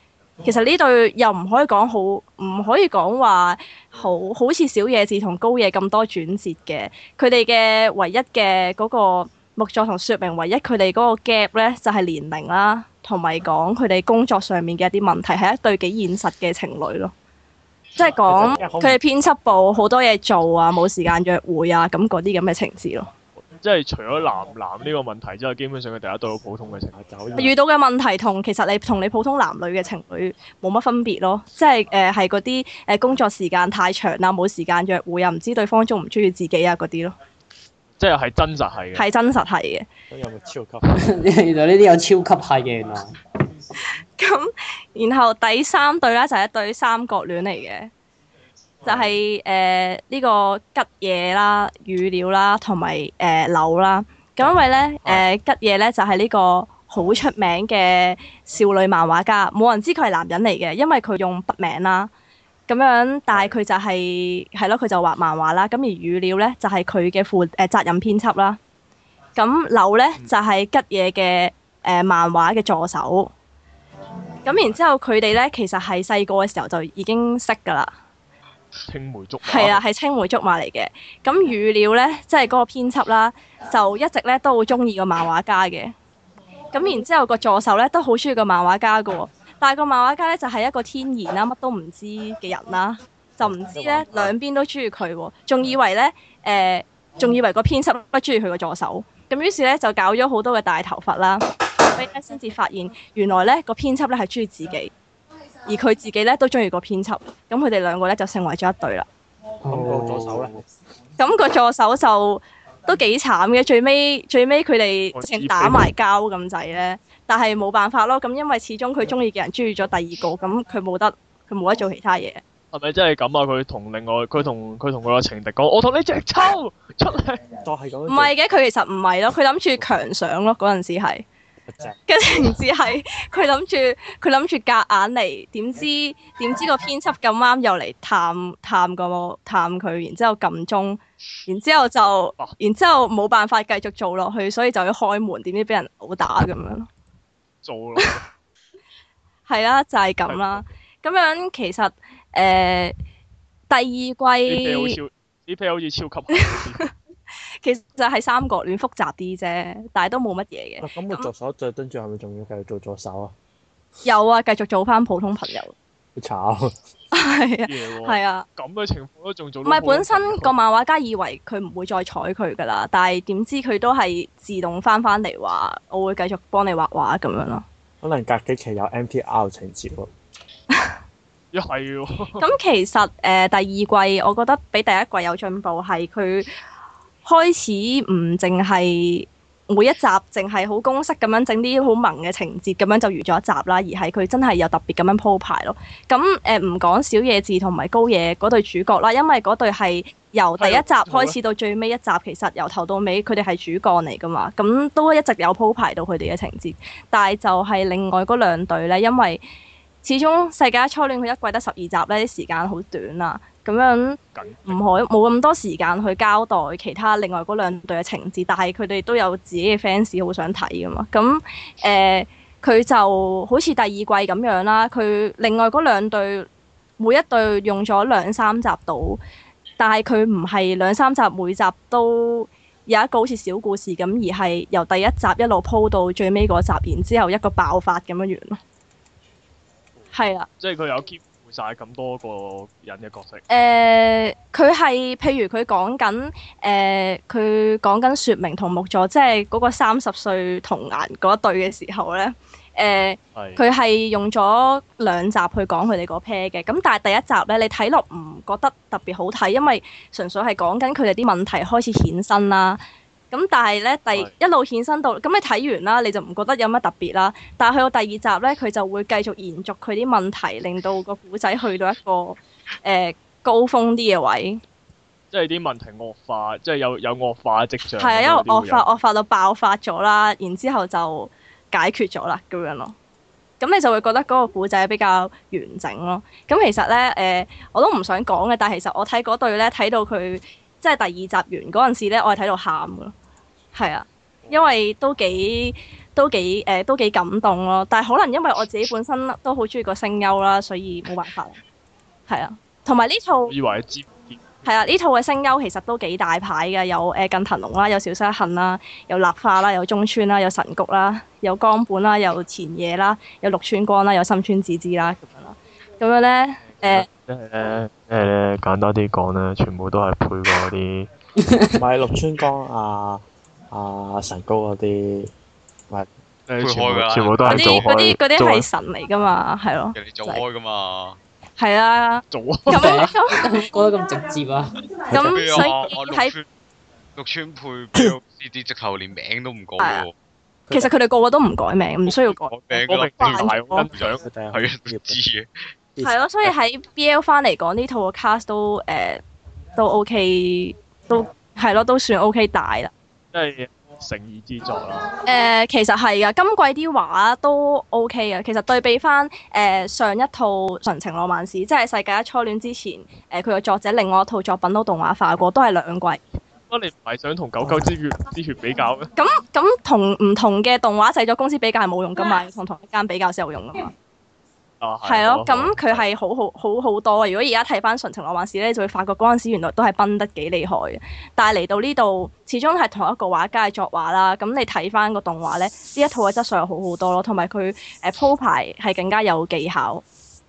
其實呢對又唔可以講好，唔可以講話好好似小野寺同高野咁多轉折嘅。佢哋嘅唯一嘅嗰個。木作同雪明唯一佢哋嗰個 gap 咧，就係年齡啦，同埋講佢哋工作上面嘅一啲問題，係一對幾現實嘅情侶咯。即係講佢哋編輯部好多嘢做啊，冇時間約會啊，咁嗰啲咁嘅情節咯。即係除咗男男呢個問題之外，基本上佢第一對好普通嘅情侶走好。遇到嘅問題同其實你同你普通男女嘅情侶冇乜分別咯。即係誒係嗰啲誒工作時間太長啦、啊，冇時間約會又、啊、唔知對方中唔中意自己啊嗰啲咯。即係係真實係嘅，係真實係嘅。 有超級？原來呢啲有超級派嘅。咁然後第三對咧就係、是、一對三角戀嚟嘅，就係誒呢個吉野啦、羽鳥啦同埋誒柳啦。咁因為咧誒、呃、吉野咧就係、是、呢個好出名嘅少女漫畫家，冇人知佢係男人嚟嘅，因為佢用筆名啦。咁樣，但係佢就係係咯，佢就畫漫畫啦。咁而語料咧就係佢嘅負誒、呃、責任編輯啦。咁柳咧就係、是、吉野嘅誒、呃、漫畫嘅助手。咁、嗯、然之後佢哋咧其實係細個嘅時候就已經識噶啦。青梅竹係啊，係青梅竹馬嚟嘅。咁語料咧即係嗰個編輯啦，就一直咧都好中意個漫畫家嘅。咁然之後，然後個助手咧都好中意個漫畫家噶喎。大係個漫畫家咧就係、是、一個天然啦、啊，乜都唔知嘅人啦、啊，就唔知咧兩邊都中意佢喎，仲以為咧誒，仲、呃、以為個編輯都中意佢個助手，咁於是咧就搞咗好多嘅大頭佛啦，所以咧先至發現原來咧個編輯咧係中意自己，而佢自己咧都中意個編輯，咁佢哋兩個咧就成為咗一對啦。咁、哦、個助手咧？咁、那個助手就都幾慘嘅，最尾最尾佢哋成打埋交咁滯咧。但係冇辦法咯，咁因為始終佢中意嘅人中意咗第二個，咁佢冇得佢冇得做其他嘢。係咪真係咁啊？佢同另外佢同佢同佢嘅情敵講：我同你着抽出去。唔係嘅，佢其實唔係咯，佢諗住強上咯。嗰陣時係跟住跟住佢諗住佢諗住夾硬嚟，點知點知個編輯咁啱又嚟探探個探佢，然之後撳鐘，然之後就然之後冇辦法繼續做落去，所以就要開門，點知俾人毆打咁樣。做咯，係、 就是、啦，就係咁啦。咁樣其實誒、呃，第二季呢批好似，呢批好似超級， 其實就係三角戀複雜啲啫，但係都冇乜嘢嘅。咁個助手再、嗯、跟住係咪仲要繼續做助手啊？有啊，繼續做翻普通朋友。好慘。係啊，係啊，咁嘅情況都仲做。唔係本身個漫畫家以為佢唔會再睬佢㗎喇，但係點知佢都係自動返返嚟話，我會繼續幫你畫畫咁樣咯。可能隔幾期有 MTR 情節喎、哦，一係喎。咁 其實誒、呃、第二季我覺得比第一季有進步，係佢開始唔淨係。每一集淨係好公式咁樣整啲好萌嘅情節，咁樣就完咗一集啦。而係佢真係有特別咁樣鋪排咯。咁誒唔講小野字同埋高野嗰對主角啦，因為嗰對係由第一集開始到最尾一集，了其實由頭到尾佢哋係主角嚟㗎嘛。咁都一直有鋪排到佢哋嘅情節。但係就係另外嗰兩對咧，因為始終世界一初戀佢一季得十二集，呢啲時間好短啦。咁樣唔可冇咁多時間去交代其他另外嗰兩對嘅情節，但係佢哋都有自己嘅 fans 好想睇噶嘛。咁誒，佢、呃、就好似第二季咁樣啦，佢另外嗰兩對每一對用咗兩三集到，但係佢唔係兩三集每集都有一個好似小故事咁，而係由第一集一路鋪到最尾嗰集，然之後一個爆發咁樣完咯。係啊。即係佢有晒咁多個人嘅角色。誒、呃，佢係譬如佢講緊誒，佢講緊説明同木座，即係嗰個三十歲童顏嗰一對嘅時候咧。誒、呃，佢係是用咗兩集去講佢哋嗰 pair 嘅。咁但係第一集咧，你睇落唔覺得特別好睇，因為純粹係講緊佢哋啲問題開始衍生啦。咁、嗯、但係咧，第一路衍生到咁，你、嗯、睇完啦，你就唔覺得有乜特別啦。但係去到第二集咧，佢就會繼續延續佢啲問題，令到個古仔去到一個誒、呃、高峰啲嘅位，即係啲問題惡化，即係有有惡化嘅跡象。係啊對，因為惡化惡化到爆發咗啦，然之後就解決咗啦咁樣咯。咁、嗯、你就會覺得嗰個古仔比較完整咯。咁、嗯、其實咧，誒、呃、我都唔想講嘅，但係其實我睇嗰對咧，睇到佢即係第二集完嗰陣時咧，我係睇到喊嘅。係啊，因為都幾都幾誒、呃、都幾感動咯。但係可能因為我自己本身都好中意個聲優啦，所以冇辦法啦。係 啊，同埋呢套，以係 啊，呢套嘅聲優其實都幾大牌嘅，有誒近藤隆啦，有小西恆啦，有立花啦，有中村啦，有神谷啦，有江本啦，有前野啦，有六川光啦，有深村子之啦咁樣啦。咁樣咧誒誒誒簡單啲講咧，全部都係配過啲。咪六川光啊！ 啊！神高嗰啲，咪全部都係做開，嗰啲嗰啲係神嚟噶嘛，係咯，人哋做開噶嘛，係啊，做啊，咁樣咁樣，講得咁直接啊！咁細睇六川配呢啲直頭連名都唔改噶，其實佢哋個個都唔改名，唔需要改名，我唔係跟唔上佢哋，係唔知嘅。係咯，所以喺 B L 翻嚟講呢套嘅 cast 都誒都 O K，都係咯，都算 O K 大啦。即係誠意之作啦。誒、呃，其實係啊，今季啲畫都 OK 嘅。其實對比翻，誒、呃、上一套《純情羅曼史》，即係世界初戀之前，誒佢個作者另外一套作品都動畫化過，都係兩季。乜、啊、你唔係想同《狗狗之血之血》比較咩？咁咁 同唔同嘅動畫製作公司比較係冇用噶嘛，同同一間比較先有用噶嘛。係咯，咁佢係好好好好,好多啊。如果而家睇翻《純情浪漫史》咧，就會發覺嗰陣時原來都係崩得幾厲害嘅。但係嚟到呢度，始終係同一個畫家作畫啦。咁你睇翻個動畫咧，呢一套嘅質素又好好多咯。同埋佢誒鋪排係更加有技巧。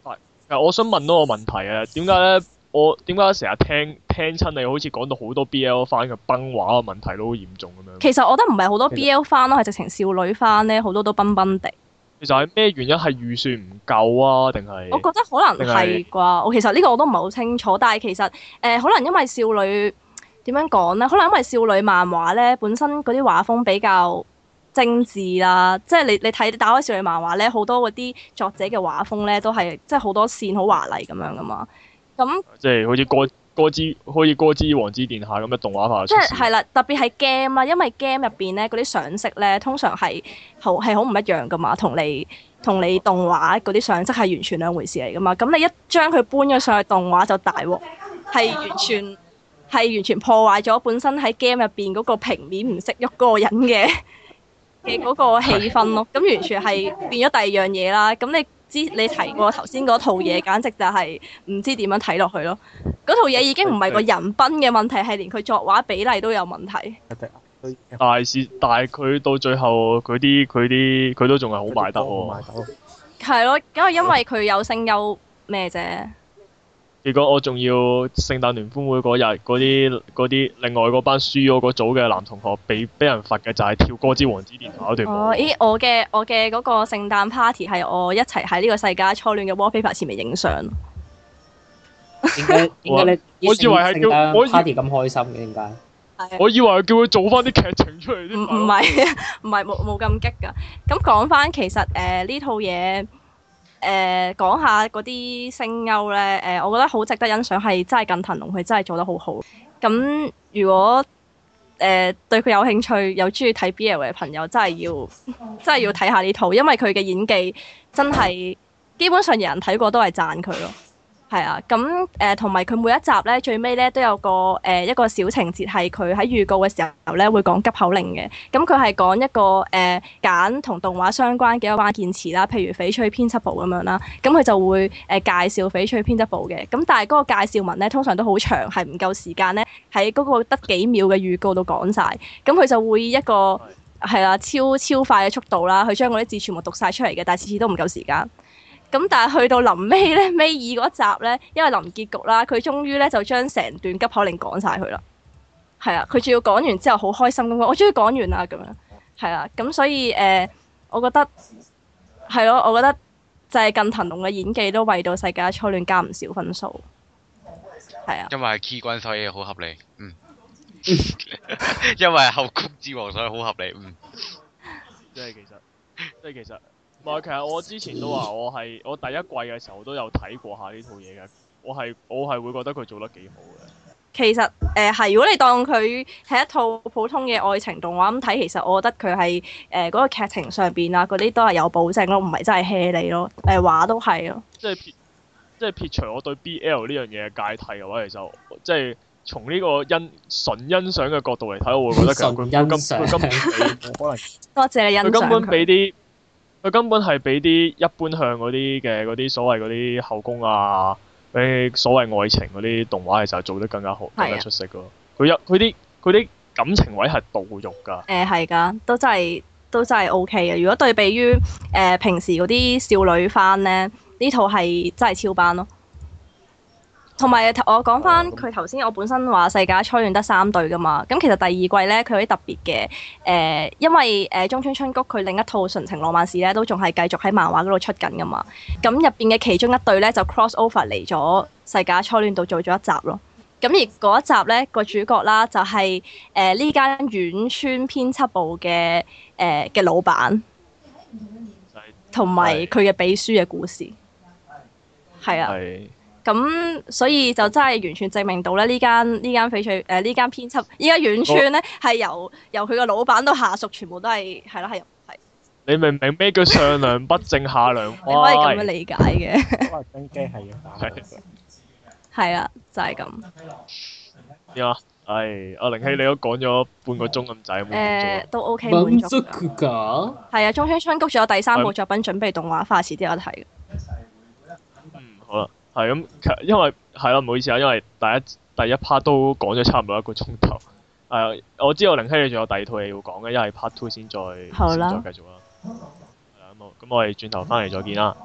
係，誒，我想問多個問題啊？點解咧？我點解成日聽聽親你好似講到好多 B L 翻嘅崩畫嘅問題都好嚴重咁樣？其實我覺得唔係好多 B L 翻咯，係實直情少女翻咧，好多都崩崩地。其實係咩原因，係預算唔夠啊？定係我覺得可能係啩，其實呢個我都唔係好清楚。但係其實誒、呃，可能因為少女點樣講咧？可能因為少女漫畫咧，本身嗰啲畫風比較精致啦，即係你你睇打開少女漫畫咧，好多嗰啲作者嘅畫風咧都係即係好多線好華麗咁樣噶嘛，咁即係好似歌之，可以歌之王子殿下咁嘅動畫化，即係係啦，特別係 game 啊，因為 game 入邊咧嗰啲上色咧，通常係好係好唔一樣噶嘛，同你同你動畫嗰啲上色係完全兩回事嚟噶嘛，咁你一將佢搬咗上去動畫就大鑊，係完全係完全破壞咗本身喺 game 入邊嗰個平面唔識郁個人嘅嘅嗰個氣氛咯，咁完全係變咗第二樣嘢啦，咁你。知你提過頭先嗰套嘢，簡直就係唔知點樣睇落去咯。嗰套嘢已經唔係個人品嘅問題，係連佢作畫比例都有問題。大啊，但係佢到最後佢啲佢啲佢都仲係好賣得喎、哦。係咯、哦，咁係 因為佢有聲優咩啫？如果我仲要聖誕聯歡會嗰日嗰啲啲另外嗰班輸咗嗰組嘅男同學被俾人罰嘅就係、是、跳歌之王子殿下嗰段咦，我嘅我嘅嗰個聖誕 party 係我一齊喺呢個世界初戀嘅 wallpaper 前面影相。點 解？應該你？ 我，我以為係叫 party 咁開心嘅點解？ 我以為叫佢做翻啲劇情出嚟。唔唔係，唔係冇冇咁激噶。咁講翻，其實誒呢、呃呃、套嘢。誒、呃、講下嗰啲聲優咧，誒、呃、我覺得好值得欣賞，係真係近藤隆佢真係做得好好。咁如果誒、呃、對佢有興趣，有中意睇 BL 嘅朋友，真係要真係要睇下呢套，因為佢嘅演技真係基本上人睇過都係讚佢咯。係啊，咁誒同埋佢每一集咧最尾咧都有個誒、呃、一個小情節，係佢喺預告嘅時候咧會講急口令嘅，咁佢係講一個誒揀同動畫相關嘅關鍵詞啦，譬如翡翠編輯部咁樣啦，咁、嗯、佢就會誒、呃、介紹翡翠編輯部嘅，咁、嗯、但係嗰個介紹文咧通常都好長，係唔夠時間咧喺嗰個得幾秒嘅預告度講晒。咁、嗯、佢就會以一個係啦、啊、超超快嘅速度啦，佢將嗰啲字全部讀晒出嚟嘅，但係次次都唔夠時間。咁但係去到臨尾咧，尾二嗰集咧，因為臨結局啦，佢終於咧就將成段急口令講晒佢啦，係啊，佢仲要講完之後好開心咁，我終於講完啦咁樣，係啊，咁所以誒，我覺得係咯，我覺得就係近藤龍嘅演技都為到《世界初戀》加唔少分數，係啊，因為係 key gun 所以好合理，嗯，因為係後宮之王所以好合理，嗯，即係其實，即係其實。唔係，其實我之前都話我係我第一季嘅時候都有睇過下呢套嘢嘅，我係我係會覺得佢做得幾好嘅。其實誒係，如果你當佢係一套普通嘅愛情動畫咁睇，其實我覺得佢係誒嗰個劇情上面啊嗰啲都係有保證咯，唔係真係 hea 你咯，誒畫都係咯。即係撇，即係撇除我對 BL 呢樣嘢嘅芥蒂嘅話，其實即係從呢個欣純欣賞嘅角度嚟睇，我會覺得純欣賞可能多謝你欣賞。佢根本俾啲佢根本係俾啲一般向嗰啲嘅嗰啲所謂嗰啲後宮啊，嗰啲所謂愛情嗰啲動畫嘅時候做得更加好，更加出色㗎。佢有佢啲佢啲感情位係到肉㗎。誒係㗎，都真係都真係 O K 嘅。如果對比於誒、呃、平時嗰啲少女番咧，呢套係真係超班咯。同埋，我講翻佢頭先，我本身話《世界初戀》得三對噶嘛。咁其實第二季呢，佢有啲特別嘅。誒、呃，因為誒、呃、中村春菊佢另一套《純情浪漫史》呢，都仲係繼續喺漫畫嗰度出緊噶嘛。咁入邊嘅其中一對呢，就 cross over 嚟咗《世界初戀》度做咗一集咯。咁而嗰一集呢，個主角啦、就是，就係誒呢間遠村編輯部嘅誒嘅老闆，同埋佢嘅秘書嘅故事。係是啊。咁所以就真係完全證明到咧，呢間呢間翡翠誒呢、呃、間編輯依家遠村咧，係由由佢個老闆到下屬全部都係係咯，係係，你明唔明咩叫上梁不正下梁歪？你可以咁樣理解嘅。都係登機係嘅。係 啊，就係、是、咁。點、 哎、啊？係阿凌晞，你都講咗半個鐘咁滯，冇滿、呃、都 OK 滿足。春谷噶。係啊，中村春谷仲有第三部作品準備動畫化，遲啲有得睇。好啦。係咁，因為係啦，唔好意思啊，因為第一第一 part 都講咗差唔多一個鐘頭。係啊，我知我凌希你仲有第二套嘢要講嘅，一係 part two 先再再繼續啦。係啊，咁我哋轉頭翻嚟再見啦。